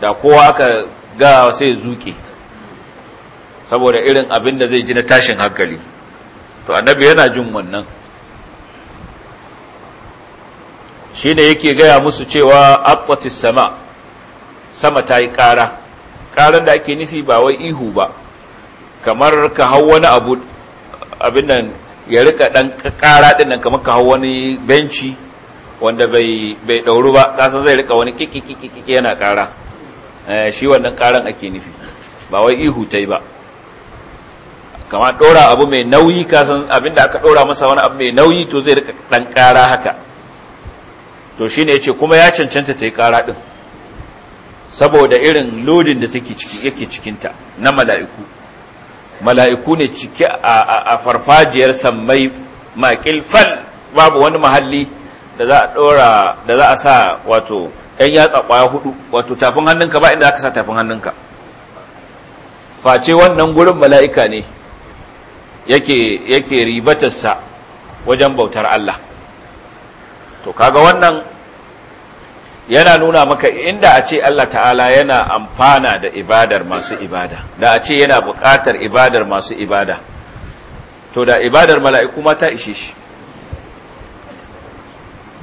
da kowa aka ga sai zuke saboda irin abin da zai ji na tashin hankali to annabi yana jin wannan ne yake gaya musu cewa akwatis sama sama ta yi ƙara ƙaran da ake nufi ba wai ihu ba kamar ka hau wani abu abin nan ya rika ɗan ƙara ɗin nan kamar ka hau wani benci wanda bai ɗauru ba kasan zai rika wani kikikikiki yana ƙara eh, shi wannan ƙaran ake nufi ba wai ihu ta yi ba Kamar ɗora abu mai nauyi kasan abin da aka ɗora masa wani abu mai nauyi to zai rika ɗan ƙara haka to shi ya ce kuma ya cancanta ta yi kara din saboda irin lodin da take yake cikinta na mala'iku mala'iku ne ciki a farfajiyar sammai makil fal babu wani mahalli da za a ɗora da za a sa wato ɗan yatsa ƙwaya hudu wato tafin hannunka ba inda aka sa tafin hannunka face wannan gurin mala'ika ne yake ribatarsa wajen bautar Allah to kaga wannan yana nuna maka inda a ce Allah ta'ala yana amfana da ibadar masu ibada da a ce yana buƙatar ibadar masu ibada to da ibadar mala'iku ma ta ishe shi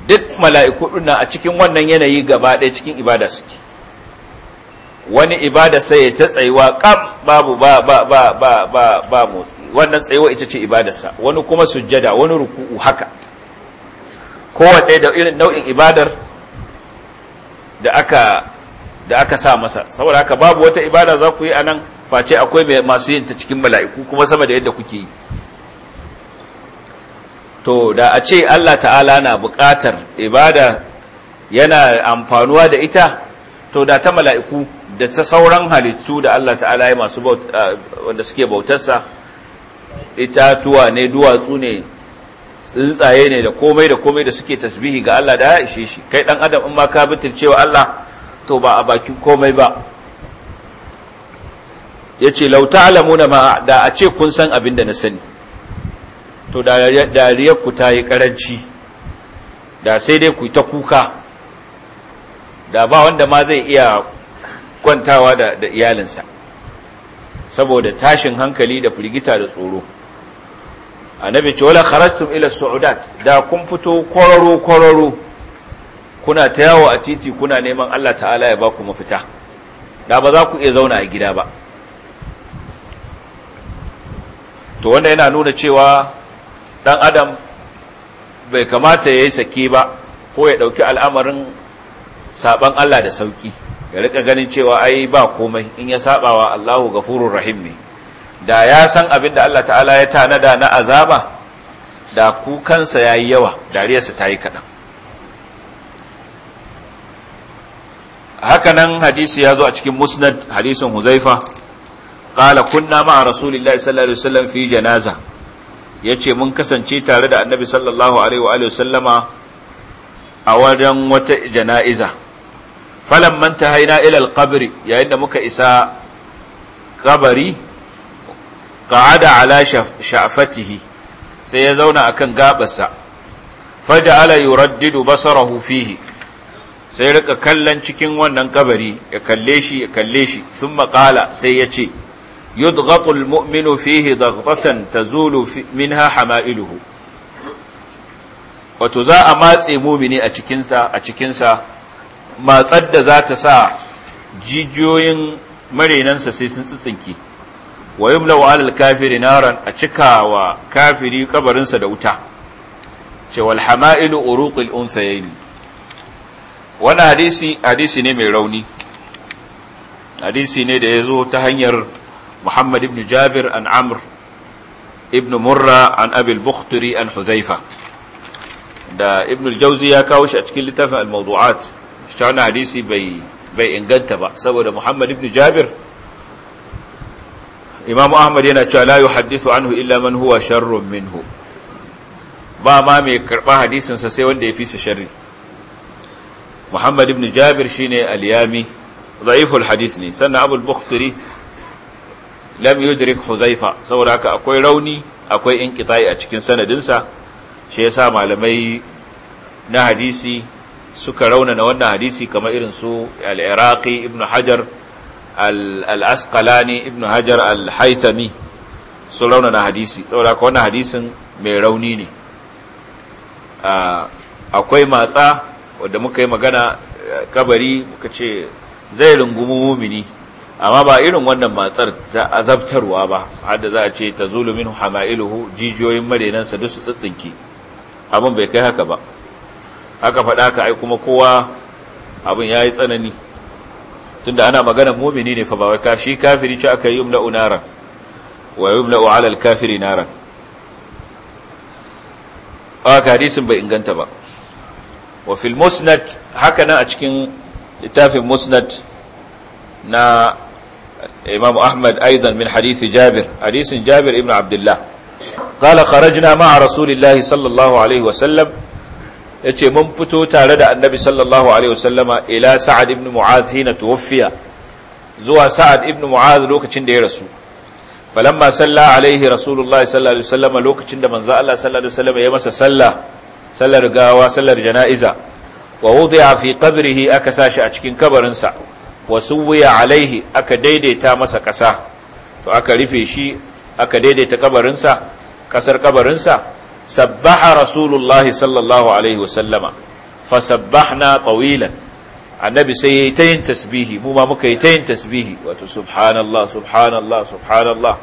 duk mala'iku ɗuna a cikin wannan yanayi gaba ɗaya cikin ibada suke wani ibada sai ya ta tsayuwa ƙam babu ba ba ba ba ba ba motsi wannan tsayuwa ita ce ibadarsa wani kuma sujjada wani ruku'u haka kowanne da irin nau'in ibadar da aka sa masa saboda haka babu wata ibada za ku yi a nan face akwai mai masu yin ta cikin mala'iku kuma sama da yadda kuke yi to da a ce Allah ta'ala na buƙatar ibada yana amfanuwa da ita to da ta mala'iku da ta sauran halittu da Allah ta'ala ya masu wanda suke bautarsa itatuwa ne duwatsu ne tsuntsaye ne da komai da komai da suke tasbihi ga Allah da ya ishe shi kai dan adam in ma ka bitircewa Allah to ba a bakin komai ba yace law ta'lamuna ma da a ce kun san abin da na sani to dariyarku ku ta yi karanci da sai dai ku ta kuka da ba wanda ma zai iya kwantawa da iyalinsa saboda tashin hankali da firgita da tsoro annabi ce wala kharajtum ila su'udat da kun fito kororo kororo kuna ta yawo a titi kuna neman Allah ta'ala ya ba ku mafita da ba za ku iya zauna a gida ba to wanda yana nuna cewa dan adam bai kamata ya yi sake ba ko ya ɗauki al'amarin saban Allah da sauki ya riƙa ganin cewa ai ba komai in ya saɓawa Allahu gafurur rahim ne da ya san abin da Allah ta'ala ya tanada na azaba da kukansa ya yi yawa dariyarsa ta yi kaɗan hakanan hadisi ya zo a cikin musnad hadisin huzaifa ƙala kunna ma'a rasulillahi sallallahu alaihi wasallam fi janaza ya ce mun kasance tare da annabi sallallahu alaihi wa sallama a wajen wata jana'iza falan ta haina ilal kabiri yayin da muka isa kabari qa'ada ala sha'fatihi sai ya zauna akan gabarsa ala yuraddidu basarahu fihi sai rika kallon cikin wannan kabari ya kalle shi ya kalle shi thumma qala sai yace ce yudghatu almu'minu fihi daghtatan tazulu minha hama'iluhu wato za a matse mumini a cikinsa a matsar da za ta sa jijiyoyin marenansa sai sun tsitsinki wa yubla wa alal kafiri naran a cika wa kafiri kabarinsa da wuta ce wal hama'ilu uruqil unsayaini wani hadisi hadisi ne mai rauni hadisi ne da ya zo ta hanyar muhammad ibn jabir an amr ibn murra an abil bukhturi an huzaifa da ibn jauzi ya kawo shi a cikin littafin al-mawdu'at shi hadisi bai inganta ba saboda muhammad ibn jabir imamu ahmad yana cewa la yuhaddithu anhu illa man huwa sharrun minhu ba ma mai karba hadisin sa sai wanda ya fisa sa sharri muhammad ibn jabir shine al-yami dha'iful hadith ne sannan abul bukhtari lam yudrik huzaifa saboda haka akwai rauni akwai inqita'i a cikin sanadinsa shi yasa malamai na hadisi suka raunana wannan hadisi kamar irin su al-iraqi ibn hajar al'asƙalani ibn hajar al haithami sun raunana hadisi ɗaura ka wannan hadisin mai rauni ne akwai matsa wadda muka yi magana eh, kabari muka ce zai rungumi mumini amma ba irin wannan matsar za azabtarwa ba hadda za a ce ta zulumin hama'iluhu jijiyoyin marinansa duk su tsitsinki abin bai kai haka ba haka faɗa ka ai kuma kowa abin ya yi tsanani tunda ana magana mumini ne fa ba wai kashi kafiri ce aka yi umna unaran wa yumna ala al-kafiri naran aka hadisin bai inganta ba wa fil musnad haka nan a cikin littafin musnad na imam ahmad aidan min hadisi jabir hadisin jabir ibn abdullah قال خرجنا مع رسول الله صلى الله عليه وسلم ya ce mun fito tare da annabi sallallahu alaihi wasallama ila sa'ad ibn mu'az hina tuwaffiya zuwa sa'ad ibn mu'az lokacin da ya rasu falamma salla alaihi rasulullahi sallallahu alaihi wasallama lokacin da manzo Allah sallallahu alaihi wasallama ya masa sallah sallar gawa sallar jana'iza wa wudi'a fi qabrihi aka sashi a cikin kabarinsa wa suwiya alaihi aka daidaita masa kasa to aka rufe shi aka daidaita kabarinsa kasar kabarinsa sabbaha rasulullahi sallallahu alaihi wasallama fasabbahna tawilan annabi sai yayi ta yin tasbihi mu ma muka yi ta yin tasbihi wato subhanallah subhanallah subhanallah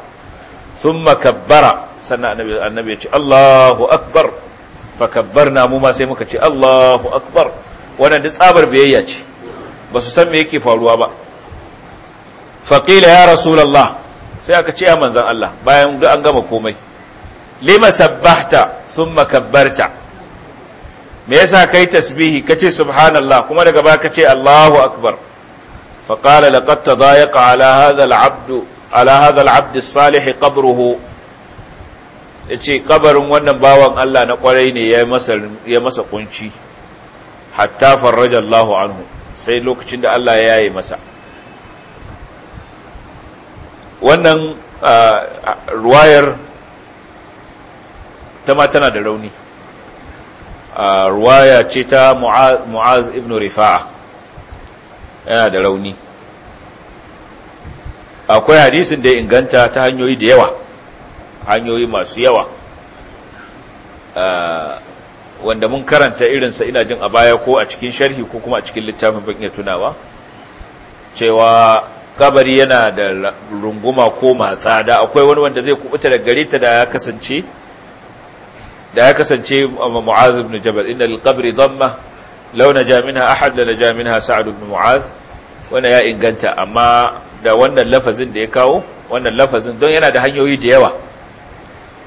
thumma kabbara sannan annabi annabi Allahu akbar fakabbarna mu ma sai muka ce Allahu akbar wannan tsabar biyayya ce ba su san me yake faruwa ba faqila ya rasulullah sai aka ce ya Allah bayan duk an gama komai lima sun makabbarta me yasa kai tasbihi ka ce subhanallah kuma daga ba ka ce allahu akbar faƙala laƙad ta zayaƙa ala hadha al'abdi salihi qabruhu ce ƙabarin wannan bawan allah na kwarai ne ya masa kunci hatta farraja allahu anhu sai lokacin da allah ya yi masa wannan ah, ruwayar ta ma tana da rauni ruwaya ce ta mu'az ibn rifa'a yana da rauni akwai hadisin da inganta ta hanyoyi da yawa hanyoyi masu yawa wanda mun karanta irinsa ina jin a baya ko a cikin sharhi ko kuma a cikin littafin ban iya tunawa cewa kabari yana da runguma ko matsada akwai wani wanda zai kubuta da gare ta da ya kasance da ya kasance uh, mu'az ibn jabal inna lil qabri dhamma law naja minha ahad la naja minha sa'd ibn mu'az wannan ya inganta amma da wannan lafazin da ya kawo wannan lafazin don yana da hanyoyi da yawa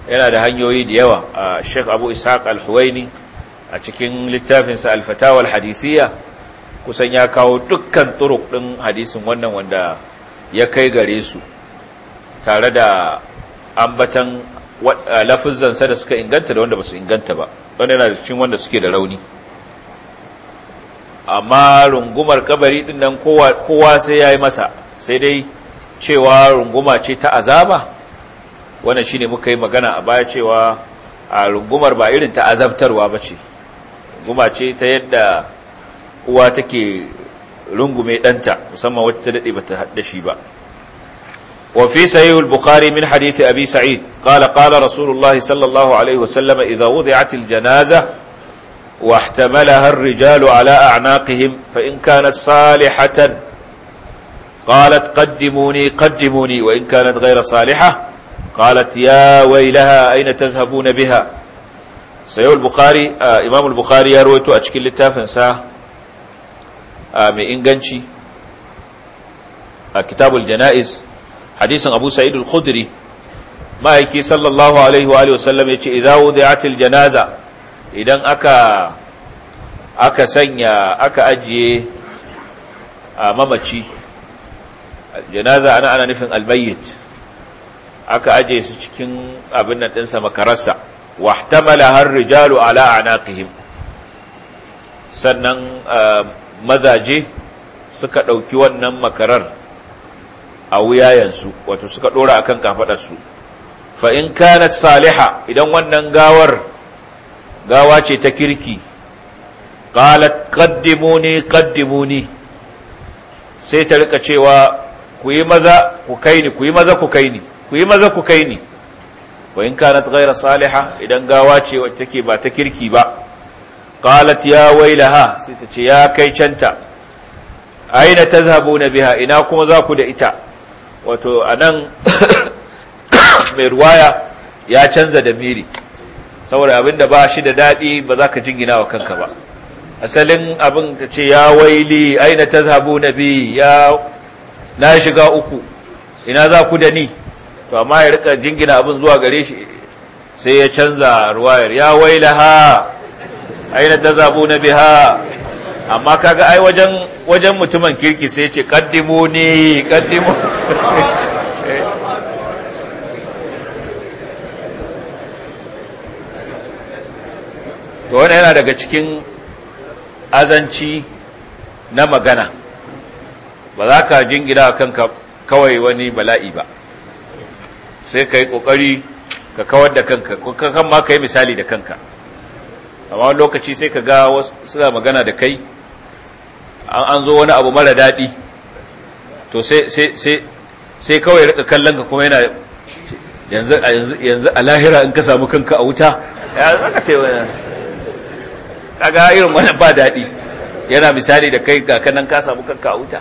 yana da hanyoyi da yawa Sheikh Abu Ishaq Al-Huwaini a cikin littafinsa Al-Fatawa al kusan ya kawo dukkan turuk din hadisin wannan wanda ya kai gare su tare da ambatan Uh, lafizansa da suka inganta da wanda ba su inganta ba wanda yana da cikin wanda suke da rauni amma rungumar kabari din nan kowa sai ya yi masa sai dai cewa runguma ce ta azaba wannan shine muka yi magana a baya cewa a rungumar ba irin ta azabtarwa ba ce runguma ce ta yadda uwa take rungume ɗanta musamman wata ta daɗe ba ta haɗa shi ba وفي صحيح البخاري من حديث أبي سعيد قال قال رسول الله صلى الله عليه وسلم إذا وضعت الجنازة واحتملها الرجال على أعناقهم فإن كانت صالحة قالت قدموني قدموني وإن كانت غير صالحة قالت يا ويلها أين تذهبون بها سيو البخاري آه إمام البخاري يروي تو أشكل التافنسا آه من إنجنشي آه كتاب الجنائز hadisin abu sa'id al-khudri ma'aiki sallallahu alaihi wa sallam yace idza wudi'atil janaza idan aka aka sanya aka ajiye a mamaci janaza ana ana nufin almayyit aka ajiye su cikin abin nan dinsa makararsa wahtamala har rijalu ala anaqihim sannan mazaje suka ɗauki wannan makarar a wuyayensu wato suka dora kan kafadarsu fa in kanat saliha idan wannan gawar gawa ce ta kirki qalat qaddimuni qaddimuni sai ta rika cewa ku yi maza ku kai ni ku yi maza ku kai ni ku yi maza ku kai ni wa in kanat gaira saliha idan gawa ce wacce take ba ta kirki ba qalat ya wailaha sai ta ce ya kai canta aina na biha ina kuma za ku da ita wato anan mai ruwaya ya canza da miri saboda abinda ba shi da daɗi ba za ka jingina wa kanka ba asalin abin ta ce ya waili aina ta zabu na bi ya na shiga uku ina za ku da ni to amma ya rika jingina abin zuwa gare shi sai ya canza ruwayar ya waila ha aina ta zabu na bi ha amma kaga ai wajen wajen mutumin kirki sai ce kaddimo ne kaddimo to wannan yana daga cikin azanci na magana ba za ka a kanka kawai wani bala'i ba sai ka yi ƙoƙari ka kawar da kanka ko kan ma ka yi misali da kanka amma lokaci sai ka ga wasu suna magana da kai an zo wani abu mara daɗi to sai kawai rika kallon ka kuma yana yanzu a lahira in ka samu kanka a wuta ya zaka ce wani kaga irin wannan ba daɗi yana misali da kai ga kanan ka samu kanka a wuta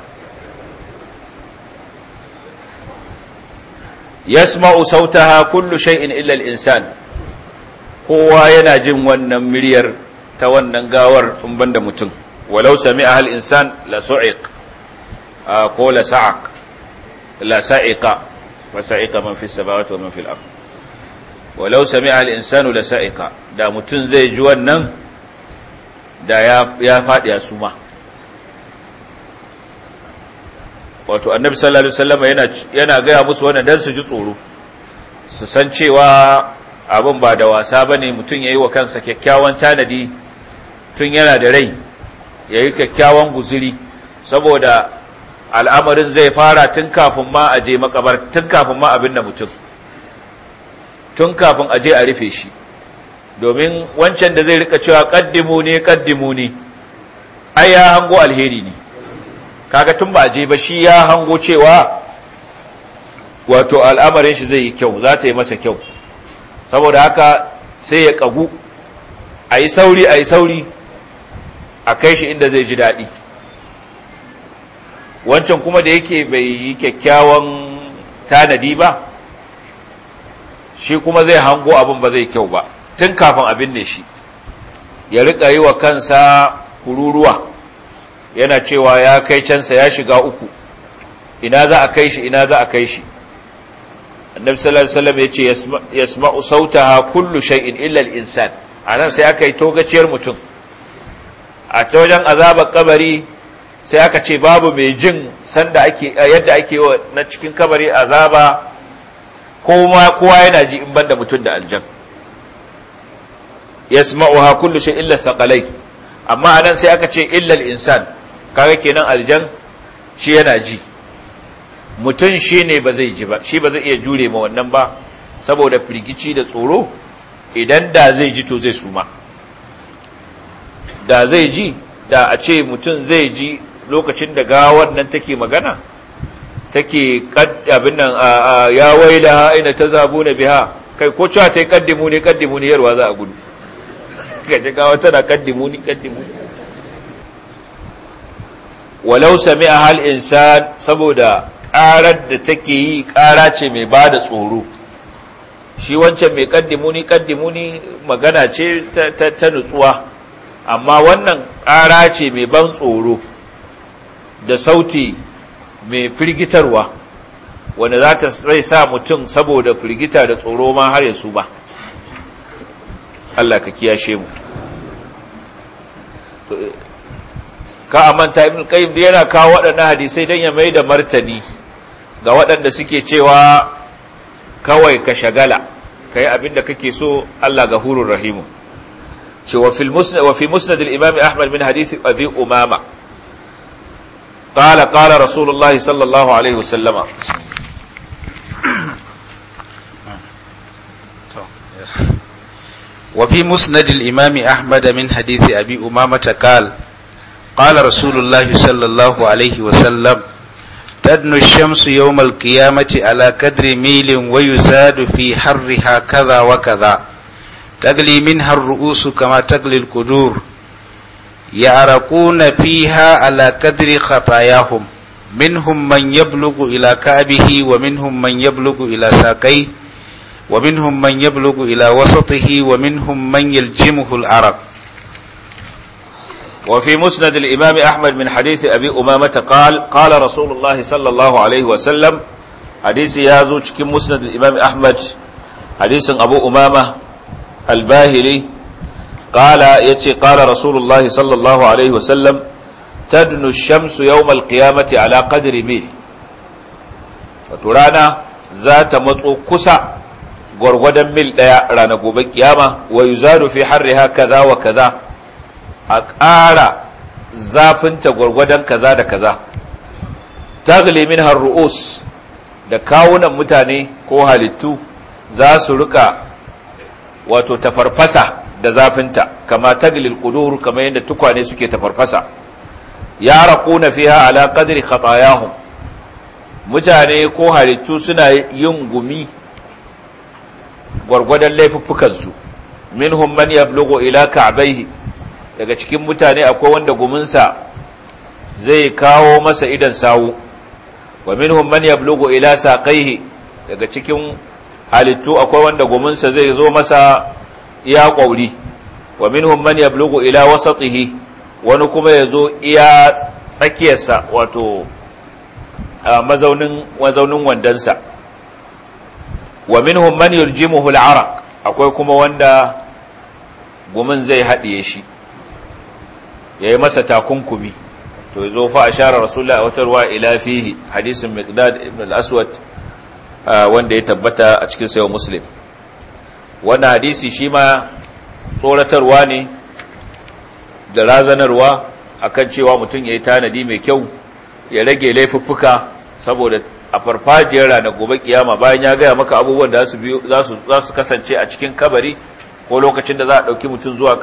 yasma'u sautaha kullu shay'in illa al-insan kowa yana jin wannan miryar ta wannan gawar in banda mutum walau sami'a ah, wa sa'iqa man fis samawati la sa'iqa da zai ji wannan da ya wato annabi sallallahu alaihi wasallam yana yana ga musu wannan dan su ji tsoro su san cewa abin ba da wasa bane mutum yayi wa kansa kyakkyawan tanadi tun yana da rai ya yi kyakkyawan guziri saboda al'amarin zai fara tun kafin ma a je makabar tun kafin ma abin da mutum tun kafin a je a rufe shi domin wancan da zai rika cewa kaddimu ne kaddimu ne ai ya hango alheri ne kaga tun ba a je ba shi ya hango cewa wato al'amarin shi zai yi kyau za ta yi masa kyau saboda haka sai ya kagu a yi sauri a yi sauri a kai shi inda zai ji daɗi wancan kuma da yake bai yi kyakkyawan tanadi ba shi kuma zai hango abin ba zai kyau ba tun kafin abin ne shi ya riƙa yi wa kansa kururuwa yana cewa ya kai cansa ya shiga uku ina za a kai shi ina za a kai shi annabi sallallahu alaihi wasallam yace yasma'u sautaha kullu shay'in illa al-insan anan sai aka yi togaciyar mutum a ta wajen azabar kabari sai aka ce babu mai jin sanda ake yadda ake wa na cikin kabari azaba kowa kowa yana ji in banda mutum da aljan yasma'uha kullu shi illa saƙalai amma anan sai aka ce illal insan kaga kenan aljan shi yana ji mutum shi ne ba zai ji ba shi ba zai iya jure ma wannan ba saboda firgici da tsoro idan da zai ji to zai suma da zai ji da a ce mutum zai ji lokacin da gawar nan take magana take abin nan ya waila zabu na biha kai ko cewa ta yi kaddimu ne kaddimu ne yarwa za a gudu gaje gawa tana kaddimu ne kaddimu ne walau sami a hal insan saboda ƙarar da take yi ƙara ce mai ba da tsoro shi wancan mai kaddimu ne kaddimu ne magana ce ta nutsuwa amma wannan ƙara ce mai ban tsoro da sauti mai firgitarwa wanda za ta zai sa mutum saboda firgita da tsoro ma har ya su ba Allah ka kiyashe mu eh, ka amanta ibn qayyim da yana kawo waɗannan hadisai dan ya mai da martani ga waɗanda suke cewa kawai ka shagala kai abinda kake so Allah gahurur rahimu ce wa fil musnad wa fi musnad al-imam ahmad min hadith abi umama qala qala rasulullah sallallahu alaihi wasallama وفي مسند الإمام أحمد من حديث أبي أمامة قال قال رسول الله صلى الله عليه وسلم تدن الشمس يوم القيامة على قدر ميل ويزاد في حرها كذا وكذا تغلي منها الرؤوس كما تغلي القدور يعرقون فيها على قدر خطاياهم منهم من يبلغ إلى كعبه ومنهم من يبلغ إلى ساقيه ومنهم من يبلغ إلى وسطه ومنهم من يلجمه العرق وفي مسند الإمام أحمد من حديث أبي أمامة قال قال رسول الله صلى الله عليه وسلم حديث يازو كم مسند الإمام أحمد حديث أبو أمامة albahili qala yace qala rasulullah sallallahu alaihi wasallam tadnu shamsu yawm alqiyamati ala qadri mil wato rana za ta matso kusa gwargwadon mil ɗaya rana gobe kiyama wa yuzadu fi harriha kaza wa kaza a ƙara zafinta gwargwadon kaza da kaza tagli min ru'us da kawunan mutane ko halittu za su rika wato tafarfasa da zafinta kama taglil qudur kama yadda tukwane suke tafarfasa ya raquna fiha ala qadri khatayahum mutane ko halittu suna yin gumi gwargwadon laifuffukansu minhum man yablugu ila ka'bayhi daga cikin mutane akwai wanda guminsa zai kawo masa idan sawu wa minhum man yablugu ila saqayhi daga cikin halittu akwai wanda guminsa zai zo masa iya ƙwauri wa minhum man yablughu ila wasatihi wani kuma ya zo iya tsakiyarsa wato mazaunin wandansa wa minhum man yurjimuhu al'araq akwai kuma wanda gumin zai haɗiye shi yayi masa takunkumi to yazo fa ashara rasulullahi wa tarwa ila fihi hadisin miqdad ibn al-aswad wanda ya tabbata a cikin sayo muslim wannan hadisi shi ma tsoratarwa ne da razanarwa akan cewa mutum ya yi tanadi mai kyau ya rage laifuffuka saboda a farfajiyar ranar gobe kiyama bayan ya gaya maka abubuwan da za su kasance a cikin kabari ko lokacin da za a ɗauki mutum zuwa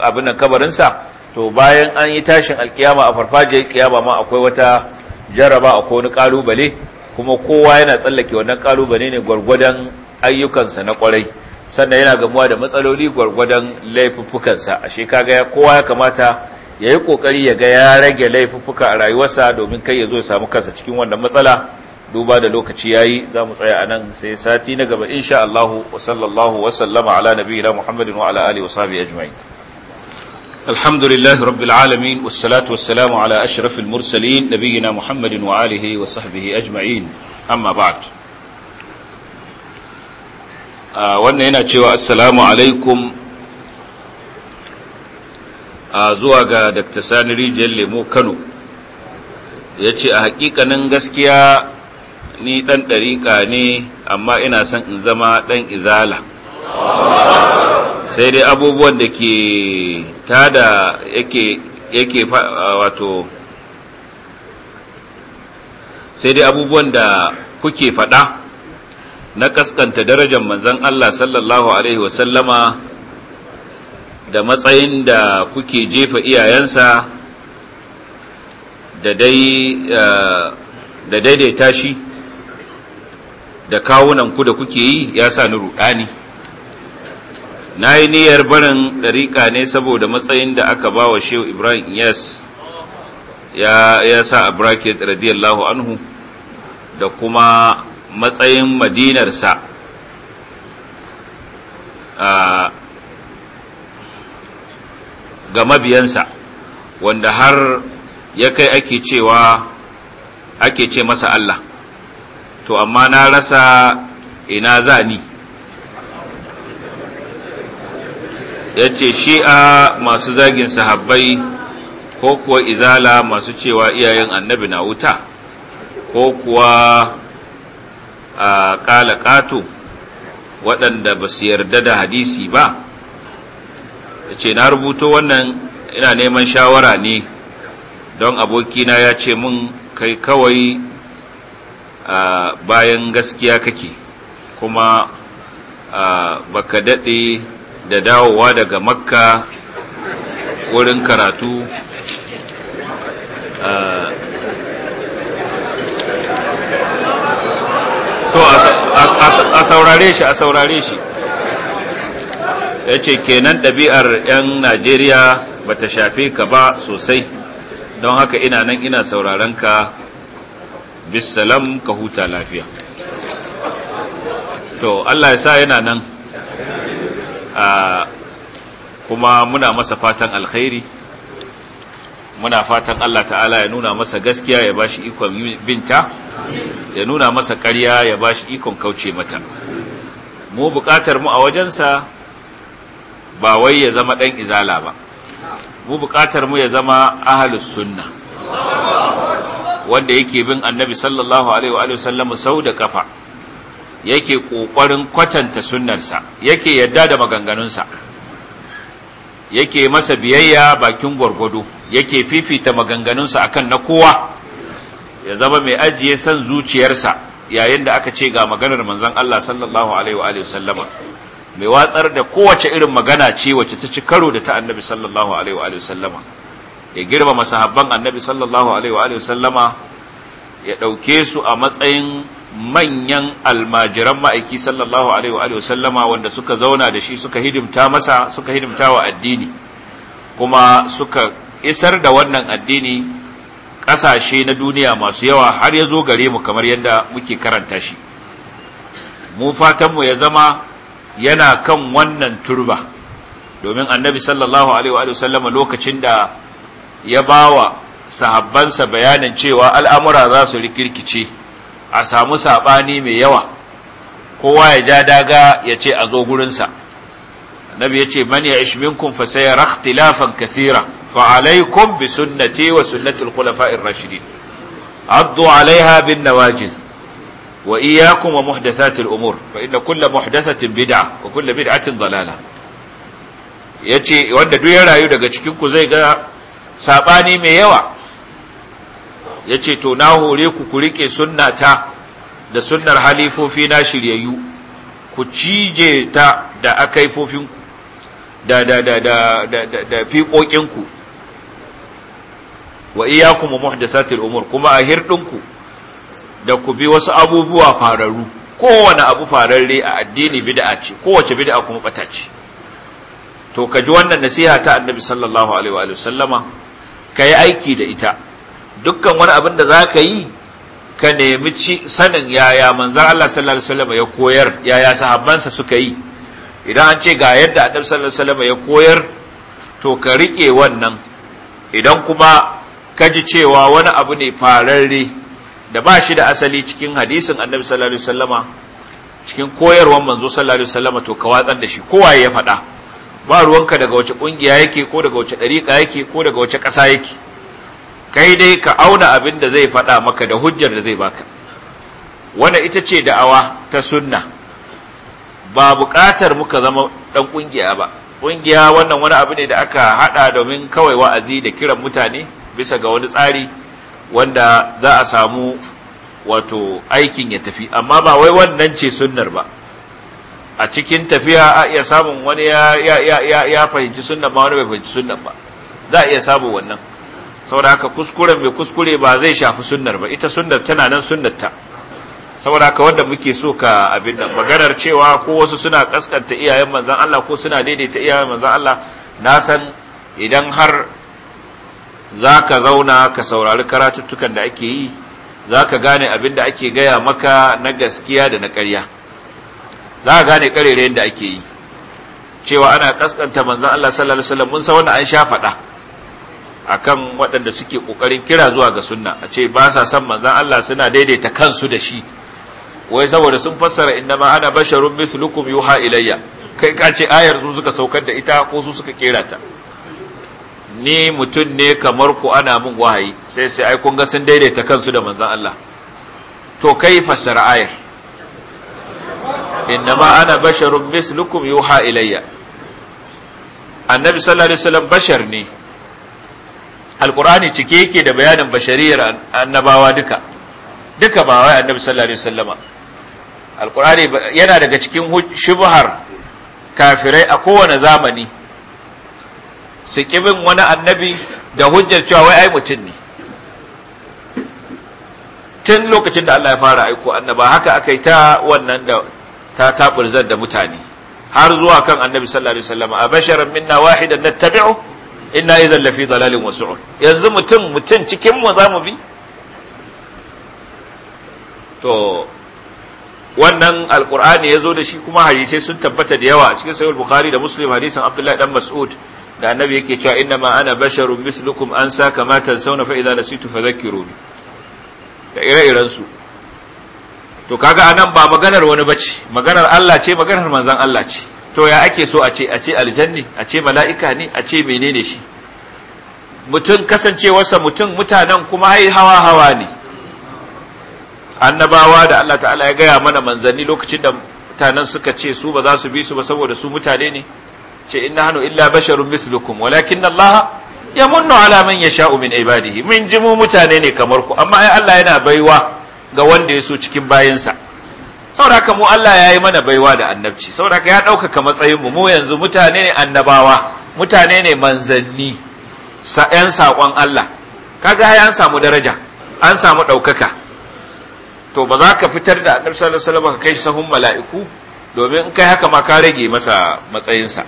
abinan kabarinsa to bayan an yi tashin alkiyama a farfajiyar kiyama ma akwai wata jaraba ko wani ƙalubale kuma kowa yana tsallake wannan kalubale ne gwargwadon ayyukansa na kwarai sannan yana gamuwa da matsaloli gwargwadon laifuffukansa ashe kaga kowa ya kamata ya yi kokari ya ga ya rage laifuffuka a rayuwarsa domin kai ya zo ya samu kansa cikin wannan matsala duba da lokaci ya yi, za mu tsaya a nan, sai sati na gaba insha Allah wa sallallahu wa sallama ala Muhammadin wa ala alihi wa sahbihi ajma'in الحمد لله رب العالمين والصلاة والسلام على أشرف المرسلين نبينا محمد وآله وصحبه أجمعين أما بعد wannan yana cewa assalamu alaikum a ah, zuwa ga dr sani rijiyar lemo kano ya ce a hakikanin gaskiya ni ɗan ɗariƙa ne amma ina son in zama ɗan izala sai dai abubuwan da ke tada yake yake wato sai dai abubuwan da kuke fada na kaskanta darajar manzan Allah sallallahu Alaihi wasallama da matsayin da kuke jefa iyayensa da daidaita shi da kawunanku da kuke yi ya sa ni ruɗani na yi niyyar barin ɗariƙa ne saboda matsayin da aka ba wa shehu ibrahim yes ya sa a bracket radiyallahu anhu da kuma matsayin madinarsa ga mabiyansa wanda har ya kai ake cewa ake ce masa Allah to amma na rasa ina za ni ya ce shi'a masu zagin sahabbai ko kuwa izala masu cewa iyayen annabi na wuta ko kuwa a ƙala ƙato waɗanda ba su yarda da hadisi ba ya ce na rubuto wannan ina neman shawara ne don abokina ya ce mun kai kawai a bayan gaskiya kake kuma ba ka daɗe da dawowa daga makka wurin karatu ah, to a saurare shi a saurare shi ya ce kenan ɗabi'ar 'yan najeriya ba ta shafe ka ba sosai don haka ina nan ina sauraren ka bisalam ka huta lafiya to allah ya sa yana nan kuma muna masa fatan alkhairi muna fatan Allah ta'ala ya nuna masa gaskiya ya bashi ikon binta ya nuna masa ƙarya ya bashi ikon kauce mata mu buƙatar mu a wajensa ba wai ya zama ɗan izala ba mu buƙatar mu ya zama ahalus sunna wanda yake bin annabi sallallahu alaihi wa sallam sau da kafa yake ƙoƙarin kwatanta sunnarsa yake yadda da maganganunsa yake masa biyayya bakin gwargwado yake fifita maganganunsa akan na kowa ya zama mai ajiye san zuciyarsa yayin da aka ce ga maganar manzon Allah sallallahu alaihi wa sallama mai watsar da kowace irin magana ce wacce ta ci karo da ta annabi sallallahu alaihi wa sallama ya girmama sahabban annabi sallallahu alaihi wa sallama ya ɗauke su a matsayin manyan almajiran ma'aiki sallallahu alaihi wa sallama wanda suka zauna da shi suka hidimta masa suka hidimta wa addini kuma suka isar da wannan addini ƙasashe na duniya masu yawa har ya zo gare mu kamar yadda muke karanta shi mu fatanmu ya zama yana kan wannan turba domin annabi sallallahu alaihi wa sallama lokacin da ya bawa sahabbansa bayanin cewa al'amura za su rikirkice a samu saɓani mai yawa kowa ya ja daga ya ce a zo gurinsa annabi ya ce man ya ishi minkum fa sai rakhtilafan kathira fa alaikum bi sunnati wa sunnatul khulafa'ir rashidin addu alaiha bin nawajiz wa iyyakum wa muhdathatil umur fa inna kulla muhdathatin bid'a wa kulla bid'atin dalala yace wanda duk ya rayu daga cikin ku zai ga sabani mai yawa ya ce to na hore ku ku riƙe sunnata da sunnar halifofi na shiryayyu ku cije ta da akaifofinku da da da da da da fiƙoƙinku wa iyakum muhdathatil umur kuma a hirdinku da ku bi wasu abubuwa fararru kowane abu fararre a addini bid'a ce kowace bid'a kuma bata ce to kaji wannan nasiha ta annabi sallallahu alaihi wa sallama ka aiki da ita dukkan wani abin da za ka yi ka nemi sanin yaya manzan Allah sallallahu alaihi wasallam ya koyar yaya sahabbansa suka yi idan an ce ga yadda annabi sallallahu alaihi wasallam ya koyar to ka riƙe wannan idan kuma ka ji cewa wani abu ne fararre da ba shi da asali cikin hadisin annabi sallallahu cikin koyarwar manzo sallallahu alaihi wasallam to ka watsar da shi kowaye ya faɗa ba ruwanka daga wace ƙungiya yake ko daga wace ɗariƙa yake ko daga wace ƙasa yake kai dai ka auna abin da zai faɗa maka da hujjar da zai baka wanda ita ce da'awa ta sunna ba buƙatar muka zama ɗan ƙungiya ba ƙungiya wannan wani abu ne da aka haɗa domin kawai wa'azi da kiran mutane bisa ga wani tsari wanda za a samu wato aikin ya tafi amma ba wai wannan ce sunnar ba a cikin tafiya a iya samun wani ya fahimci sunnan ba wani bai fahimci sunnan ba za a iya samun wannan saboda haka kuskuren mai kuskure ba zai shafi sunnar ba ita sunnar tana nan sunnarta saboda haka wanda muke so ka abin nan maganar cewa ko wasu suna kaskanta iyayen manzan Allah ko suna daidaita iyayen manzan Allah na san idan har za ka zauna ka saurari karatuttukan da ake yi za ka gane abin da ake gaya maka na gaskiya da na ƙarya ka gane ƙarerayen da ake yi cewa ana kaskanta manzan Allah sallallahu alaihi wasallam mun san wannan an sha faɗa akan waɗanda suke ƙoƙarin kira zuwa ga sunna a ce ba sa san manzan Allah suna daidaita kansu da shi wai saboda sun fassara inda ma ana basharun mislukum yuha ilayya kai ka ce ayar su suka saukar da ita ko su suka kera ta ni mutum ne kamar ku ana min wahayi sai sai ai kun ga sun daidaita kansu da manzan Allah to kai fassara ayar inna ma ana basharun mislukum yuha ilayya annabi sallallahu alaihi wasallam bashar ne alkur'ani cike yake da bayanin bashariyar annabawa duka duka ba wai annabi sallallahu alaihi wasallama alkur'ani yana daga cikin shubhar kafirai a kowane zamani su kibin wani annabi da hujjar cewa wai ai mutum ne tun lokacin da Allah ya fara aiko annaba haka aka yi ta wannan da ta taburzar da mutane har zuwa kan annabi sallallahu alaihi wasallama a minna wahidan nattabi'u inna idan lafi dalalin wasu'un yanzu mutum mutum cikin mu za mu bi to wannan alkur'ani ya zo da shi kuma hadisai sun tabbata da yawa cikin sahih bukari da muslim hadisin abdullahi dan mas'ud da annabi yake cewa inna ma ana basharun mislukum an sa na tansawna fa idza nasitu da ire-iren su to kaga anan ba maganar wani bace maganar Allah ce maganar manzan Allah ce to ya ake so a ce a ce aljanni a ce mala'ika ne a ce menene shi mutum kasancewarsa mutum mutanen kuma hai hawa hawa ne annabawa da Allah ta'ala ya gaya mana manzanni lokacin da mutanen suka ce su ba za su bi su ba saboda su mutane ne ce inna hannu illa basharun mislukum walakin Allah ya munnu ala man yasha'u min ibadihi min jimu mutane ne kamar ku amma ai Allah yana baiwa ga wanda ya so cikin bayinsa saboda haka mu Allah ya yi mana baiwa da annabci saboda haka ya ɗaukaka matsayin mu mu yanzu mutane ne annabawa mutane ne manzanni yan saƙon Allah kaga ya an samu daraja an samu ɗaukaka to ba za ka fitar da annabi sallallahu alaihi wasallam ka kai sahun mala'iku domin in kai haka ma ka rage masa matsayinsa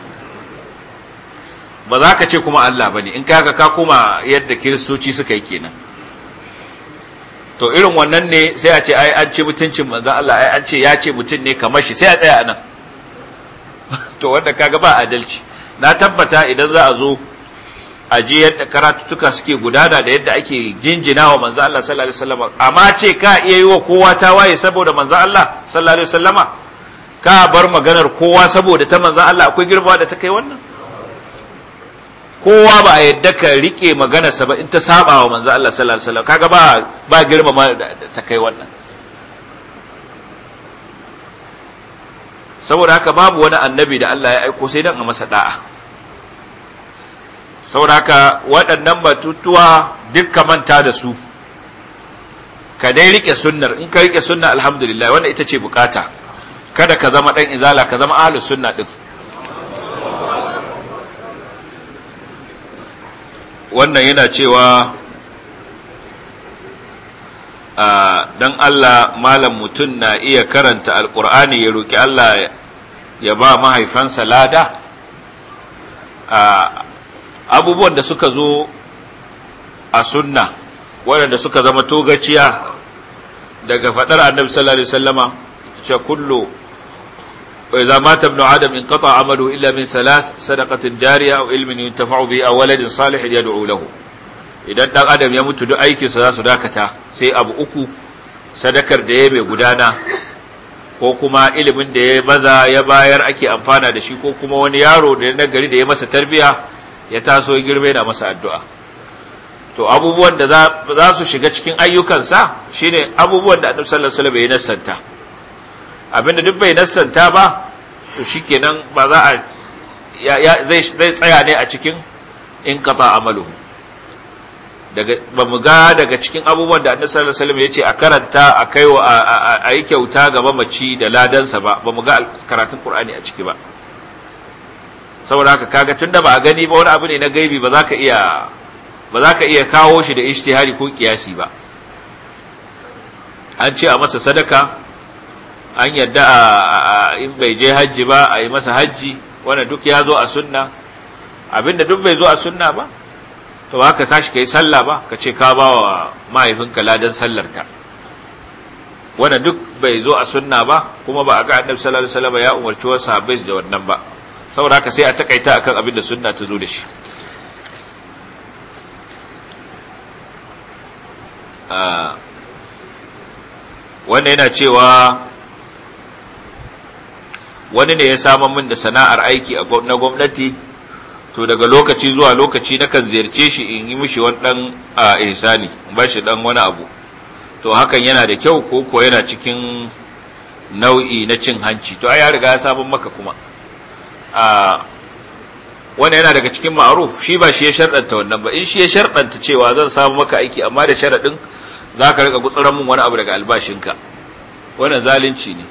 ba za ka ce kuma Allah bane in kai haka ka koma yadda kiristoci suka yi kenan to irin wannan ne sai a ce ai an ce mutuncin manzan Allah ai an ce ya ce mutum ne kamar shi sai a tsaya anan to wanda kaga ba adalci na tabbata idan za a zo a je yadda karatutuka suke gudana da yadda ake jinjina wa manzo Allah sallallahu alaihi wasallam amma ce ka iya yi wa kowa ta waye saboda manzo Allah sallallahu alaihi wasallama ka bar maganar kowa saboda ta manzo Allah akwai girma da ta kai wannan kowa ba a yadda ka rike maganarsa ba in ta saba wa manzo Allah sallallahu alaihi kaga ba ba girmama ta kai wannan saboda haka babu wani annabi da Allah ya aiko sai dan a masa da'a saboda haka waɗannan batutuwa duk ka manta da su ka dai rike sunnar in ka rike sunna alhamdulillah wannan ita ce bukata kada ka zama ɗan izala ka zama ahlus sunna din wannan yana cewa ah, don Allah malam mutum na iya karanta alkur'ani ya roƙi Allah ya ba mahaifansa lada ah, abubuwan da suka zo a sunna waɗanda suka zama togaciya daga faɗar annabi sallallahu alaihi wasallama cewa kullu وإذا مات ابن آدم انقطع عمله إلا من ثلاث صدقة جارية أو علم ينتفع به أو ولد صالح يدعو له idan ɗan adam ya mutu duk aikinsa za su dakata sai abu uku sadakar da ya mai gudana ko kuma ilimin da ya maza ya bayar ake amfana da shi ko kuma wani yaro da na gari da ya masa tarbiya ya taso ya girbe na masa addu'a to abubuwan da za su shiga cikin ayyukansa shine abubuwan da annabi sallallahu alaihi wasallam ya nasanta abinda duk bai nasanta ba to shikenan ba za a zai tsaya ne a cikin in kafa amalu daga ba mu ga daga cikin abubuwan da annabi sallallahu alaihi wasallam yace a karanta a kai wa a yi kyauta ga mamaci da ladansa ba ba mu ga karatun qur'ani a ciki ba saboda haka kaga tunda ba a gani ba wani abu ne na gaibi ba za ka iya ba za ka iya kawo shi da ijtihadi ko kiyasi ba an ce a masa sadaka an yadda a in bai je hajji ba a yi masa hajji wanda duk ya zo a sunna abinda duk bai zo a sunna ba to ba ka sashi ka yi sallah ba ka ce ka ba wa mahaifinka ladan sallarka wanda duk bai zo a sunna ba kuma ba a ga annabi sallallahu alaihi wasallam ya umarci wasu sahabbai da wannan ba saboda haka sai a takaita akan abin da sunna ta zo da shi ah, wannan yana cewa wani ne ya samu min da sana'ar aiki na gwamnati to daga lokaci zuwa lokaci na kan ziyarce shi in yi mishi wani dan ihsani ba shi dan wani abu to hakan yana da kyau ko ko yana cikin nau'i na cin hanci to ai ya riga ya sabon maka kuma a wani yana daga cikin ma'aruf shi ba shi ya sharɗanta wannan ba in shi ya sharɗanta cewa zan samu maka aiki amma da sharaɗin za ka riƙa gutsuran min wani abu daga albashinka wannan zalunci ne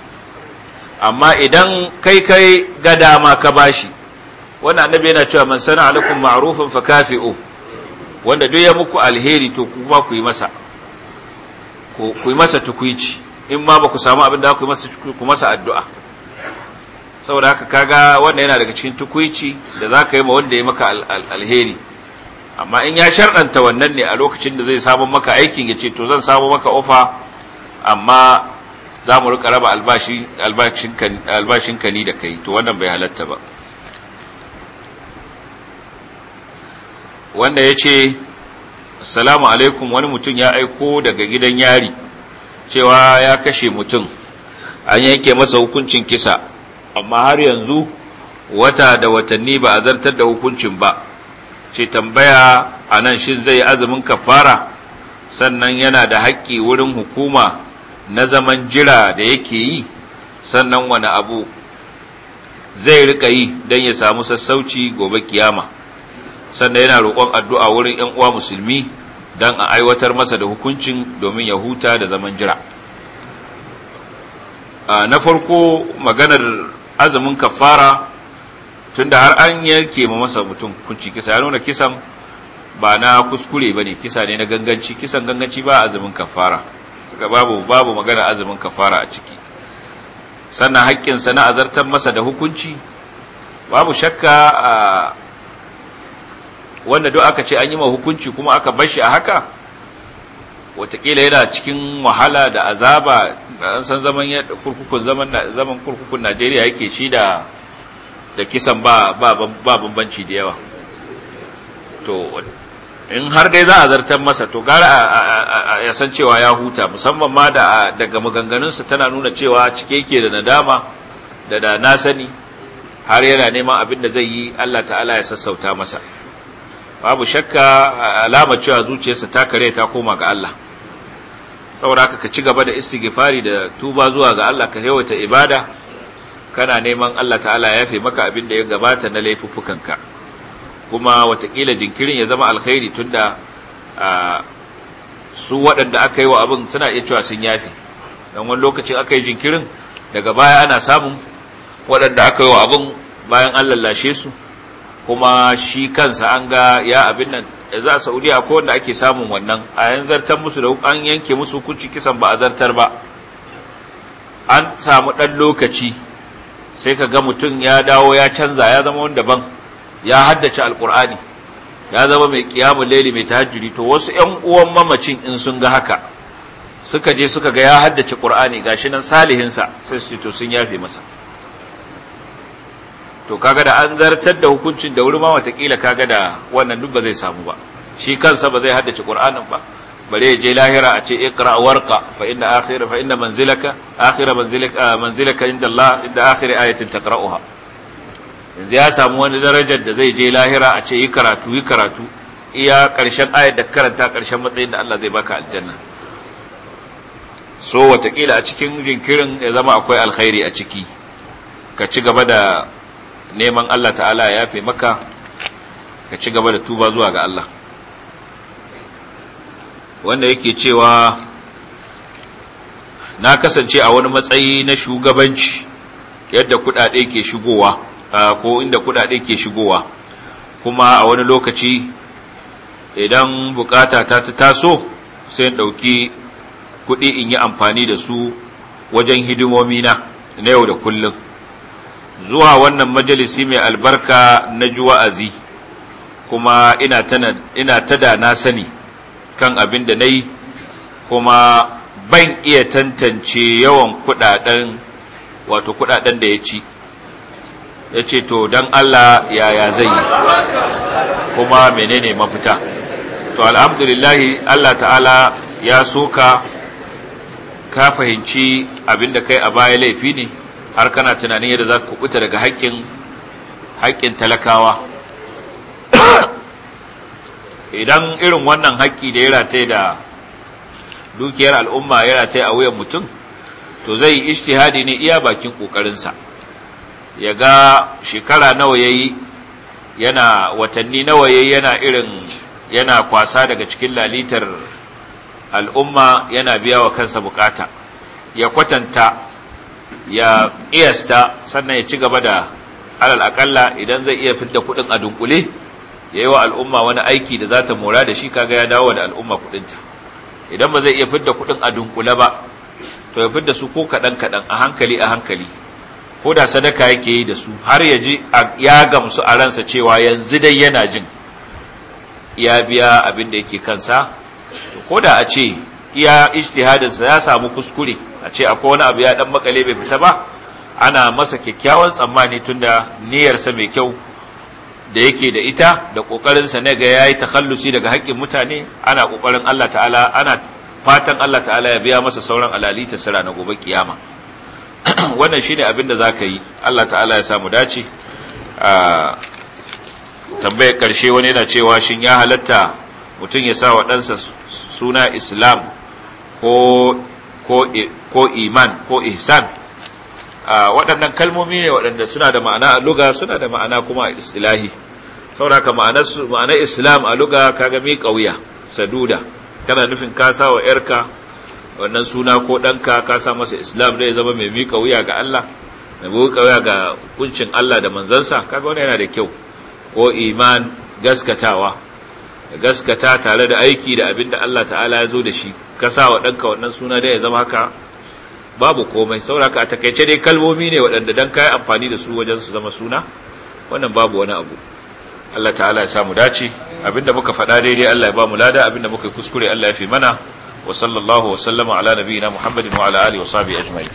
amma idan kai kai ga dama ka bashi wannan annabi yana cewa man sana alaikum ma'rufan fa kafi'u wanda duk ya muku alheri to kuma ku yi masa ku yi masa tukuici in ma ba ku samu abin da ku yi masa ku masa addu'a saboda haka kaga wanda yana daga cikin tukuici da za ka yi ma wanda ya maka alheri amma in ya sharɗanta wannan ne a lokacin da zai samu maka aikin ya ce to zan samu maka ofa amma za mu rika raba albashinka ni da kai to wannan bai halatta ba wanda ya ce assalamu alaikum wani mutum ya aiko daga gidan yari cewa ya kashe mutum an yanke masa hukuncin kisa amma har yanzu wata da watanni ba a zartar da hukuncin ba ce tambaya a nan shin zai azumin kafara sannan yana da haƙƙi wurin hukuma na zaman jira da yake yi sannan wani abu zai rika yi don ya samu sassauci gobe kiyama sannan yana roƙon addu'a wurin ‘yan uwa musulmi don a aiwatar masa da hukuncin domin ya huta da zaman jira na farko maganar azumin kafara tunda har an yanke ma masa mutum kunci kisa ya nuna kisan ba na kuskure ba ne kisa ne na ganganci kisan ganganci ba azumin kafara babu babu magana azumin kafara a ciki sannan sa na azartar masa da hukunci babu shakka a wanda duk aka ce an yi ma hukunci kuma aka bashi a haka watakila yana cikin wahala da azaba da an san zaman kurkukun zaman zaman kurkukun Najeriya yake shi da da kisan ba ba bambanci da yawa to in har dai za a zartar masa to gara ya san cewa ya huta musamman ma da daga maganganunsa tana nuna cewa cike yake da nadama da da na sani har yana neman abin da zai yi Allah ta'ala ya sassauta masa babu shakka alama cewa zuciyarsa ta kare ta koma ga Allah saboda ka ci gaba da istighfari da tuba zuwa ga Allah ka yawaita ibada kana neman Allah ta'ala ya yafe maka abin da ya gabata na laifuffukanka kuma watakila jinkirin ya zama alkhairi tunda su waɗanda aka yi wa abin suna iya cewa sun yafi don wani lokacin aka yi jinkirin daga baya ana samun waɗanda aka yi wa abin bayan an lallashe su kuma shi kansa an ga ya abin nan za a saudiya ko wanda ake samun wannan a yan zartar musu da an yanke musu hukunci kisan ba a zartar ba an samu ɗan lokaci sai ka ga mutum ya dawo ya canza ya zama wani daban ya haddace alkur'ani ya zama mai kiyamun laili mai tahajjudi to wasu ƴan uwan mamacin in sun ga haka suka je suka ga ya haddace qur'ani gashi nan salihin sa sai su to sun yafe masa to kaga da an zartar da hukuncin da wuri ma watakila kaga da wannan duk ba zai samu ba shi kansa ba zai haddace qur'anin ba bare ya je lahira a ce iqra warqa fa inna akhira fa inna manzilaka akhira manzilaka manzilaka inda Allah inda akhira ayatin taqra'uha yanzu ya samu wani darajar da zai je lahira a ce yi karatu yi karatu iya ƙarshen ayar da karanta ƙarshen matsayin da Allah zai baka aljanna so watakila a cikin jinkirin ya zama akwai alkhairi a ciki ka ci gaba da neman Allah ta'ala ya yafe maka ka ci gaba da tuba zuwa ga Allah wanda yake cewa na kasance a wani matsayi na shugabanci yadda kudade ke shigowa ko inda kuɗaɗe ke shigowa kuma a wani lokaci idan bukata ta ta taso sai ɗauki kuɗi in yi amfani da su wajen hidimomi na na yau da kullum zuwa wannan majalisi mai albarka na ji wa'azi kuma ina tada na sani kan abin da na yi kuma ban iya tantance yawan kudaden wato kudaden da ya ci ya ce to don Allah yaya zai yi kuma menene mafita to alhamdulillahi Allah ta'ala ya so ka fahimci da kai a baya laifi ne har kana tunanin yadda za ka kubuta daga haƙƙin haƙƙin talakawa idan irin wannan haƙƙi da ya rataye da dukiyar al'umma ya rataye a wuyan mutum to zai yi ishtihadi ne iya bakin ƙoƙarinsa ya ga shekara nawa ya yi, yana watanni nawa yayi yana irin yana kwasa daga cikin lalitar al'umma yana biya wa kansa bukata ya kwatanta ya iyasta sannan ya ci gaba da alal akalla idan zai iya fidda kudin a dunkule ya yi wa al'umma wani aiki da za ta mora da shi kaga ya dawo da al'umma kudinta idan ba zai iya fidda kudin a dunkule ba to ya fidda su ko kaɗan kaɗan a hankali a hankali ko da sadaka yake yi da su har ya ji ya gamsu a ransa cewa yanzu dai yana jin ya biya abin da yake kansa ko da a ce iya ijtihadinsa ya samu kuskure a ce akwai wani abu ya dan makale bai fita ba ana masa kyakkyawan tsammani tunda niyyarsa mai kyau da yake da ita da kokarinsa ne ga yayi takhallusi daga haƙƙin mutane ana kokarin Allah ta'ala ana fatan Allah ta'ala ya biya masa sauran alali ta sira na gobe kiyama wannan shine abin da zaka yi Allah ta'ala ya samu dace a tambayar karshe wani yana cewa shin ya halatta mutum ya sa wa suna islam ko ko ko iman ko ihsan waɗannan kalmomi ne waɗanda suna da ma'ana a luga suna da ma'ana kuma a istilahi saboda haka ma'anar islam a luga kaga mi kauya saduda tana nufin ka sa wa yarka wannan suna ko ɗanka ka sa masa islam zai zama mai miƙa wuya ga Allah mai miƙa wuya ga kuncin Allah da manzansa kaga wani yana da kyau ko iman gaskatawa gaskata tare da aiki da abin da Allah ta'ala ya zo da shi ka sa wa ɗanka wannan suna da zama haka babu komai sauraka a takaice dai kalmomi ne waɗanda dan kai amfani da su wajen su zama suna wannan babu wani abu Allah ta'ala ya samu dace abinda muka faɗa daidai Allah ya ba mu lada abinda muka kuskure Allah ya fi mana wa sallallahu wa ala nabiyina muhammadin wa ala alihi wa sahbihi ajma'in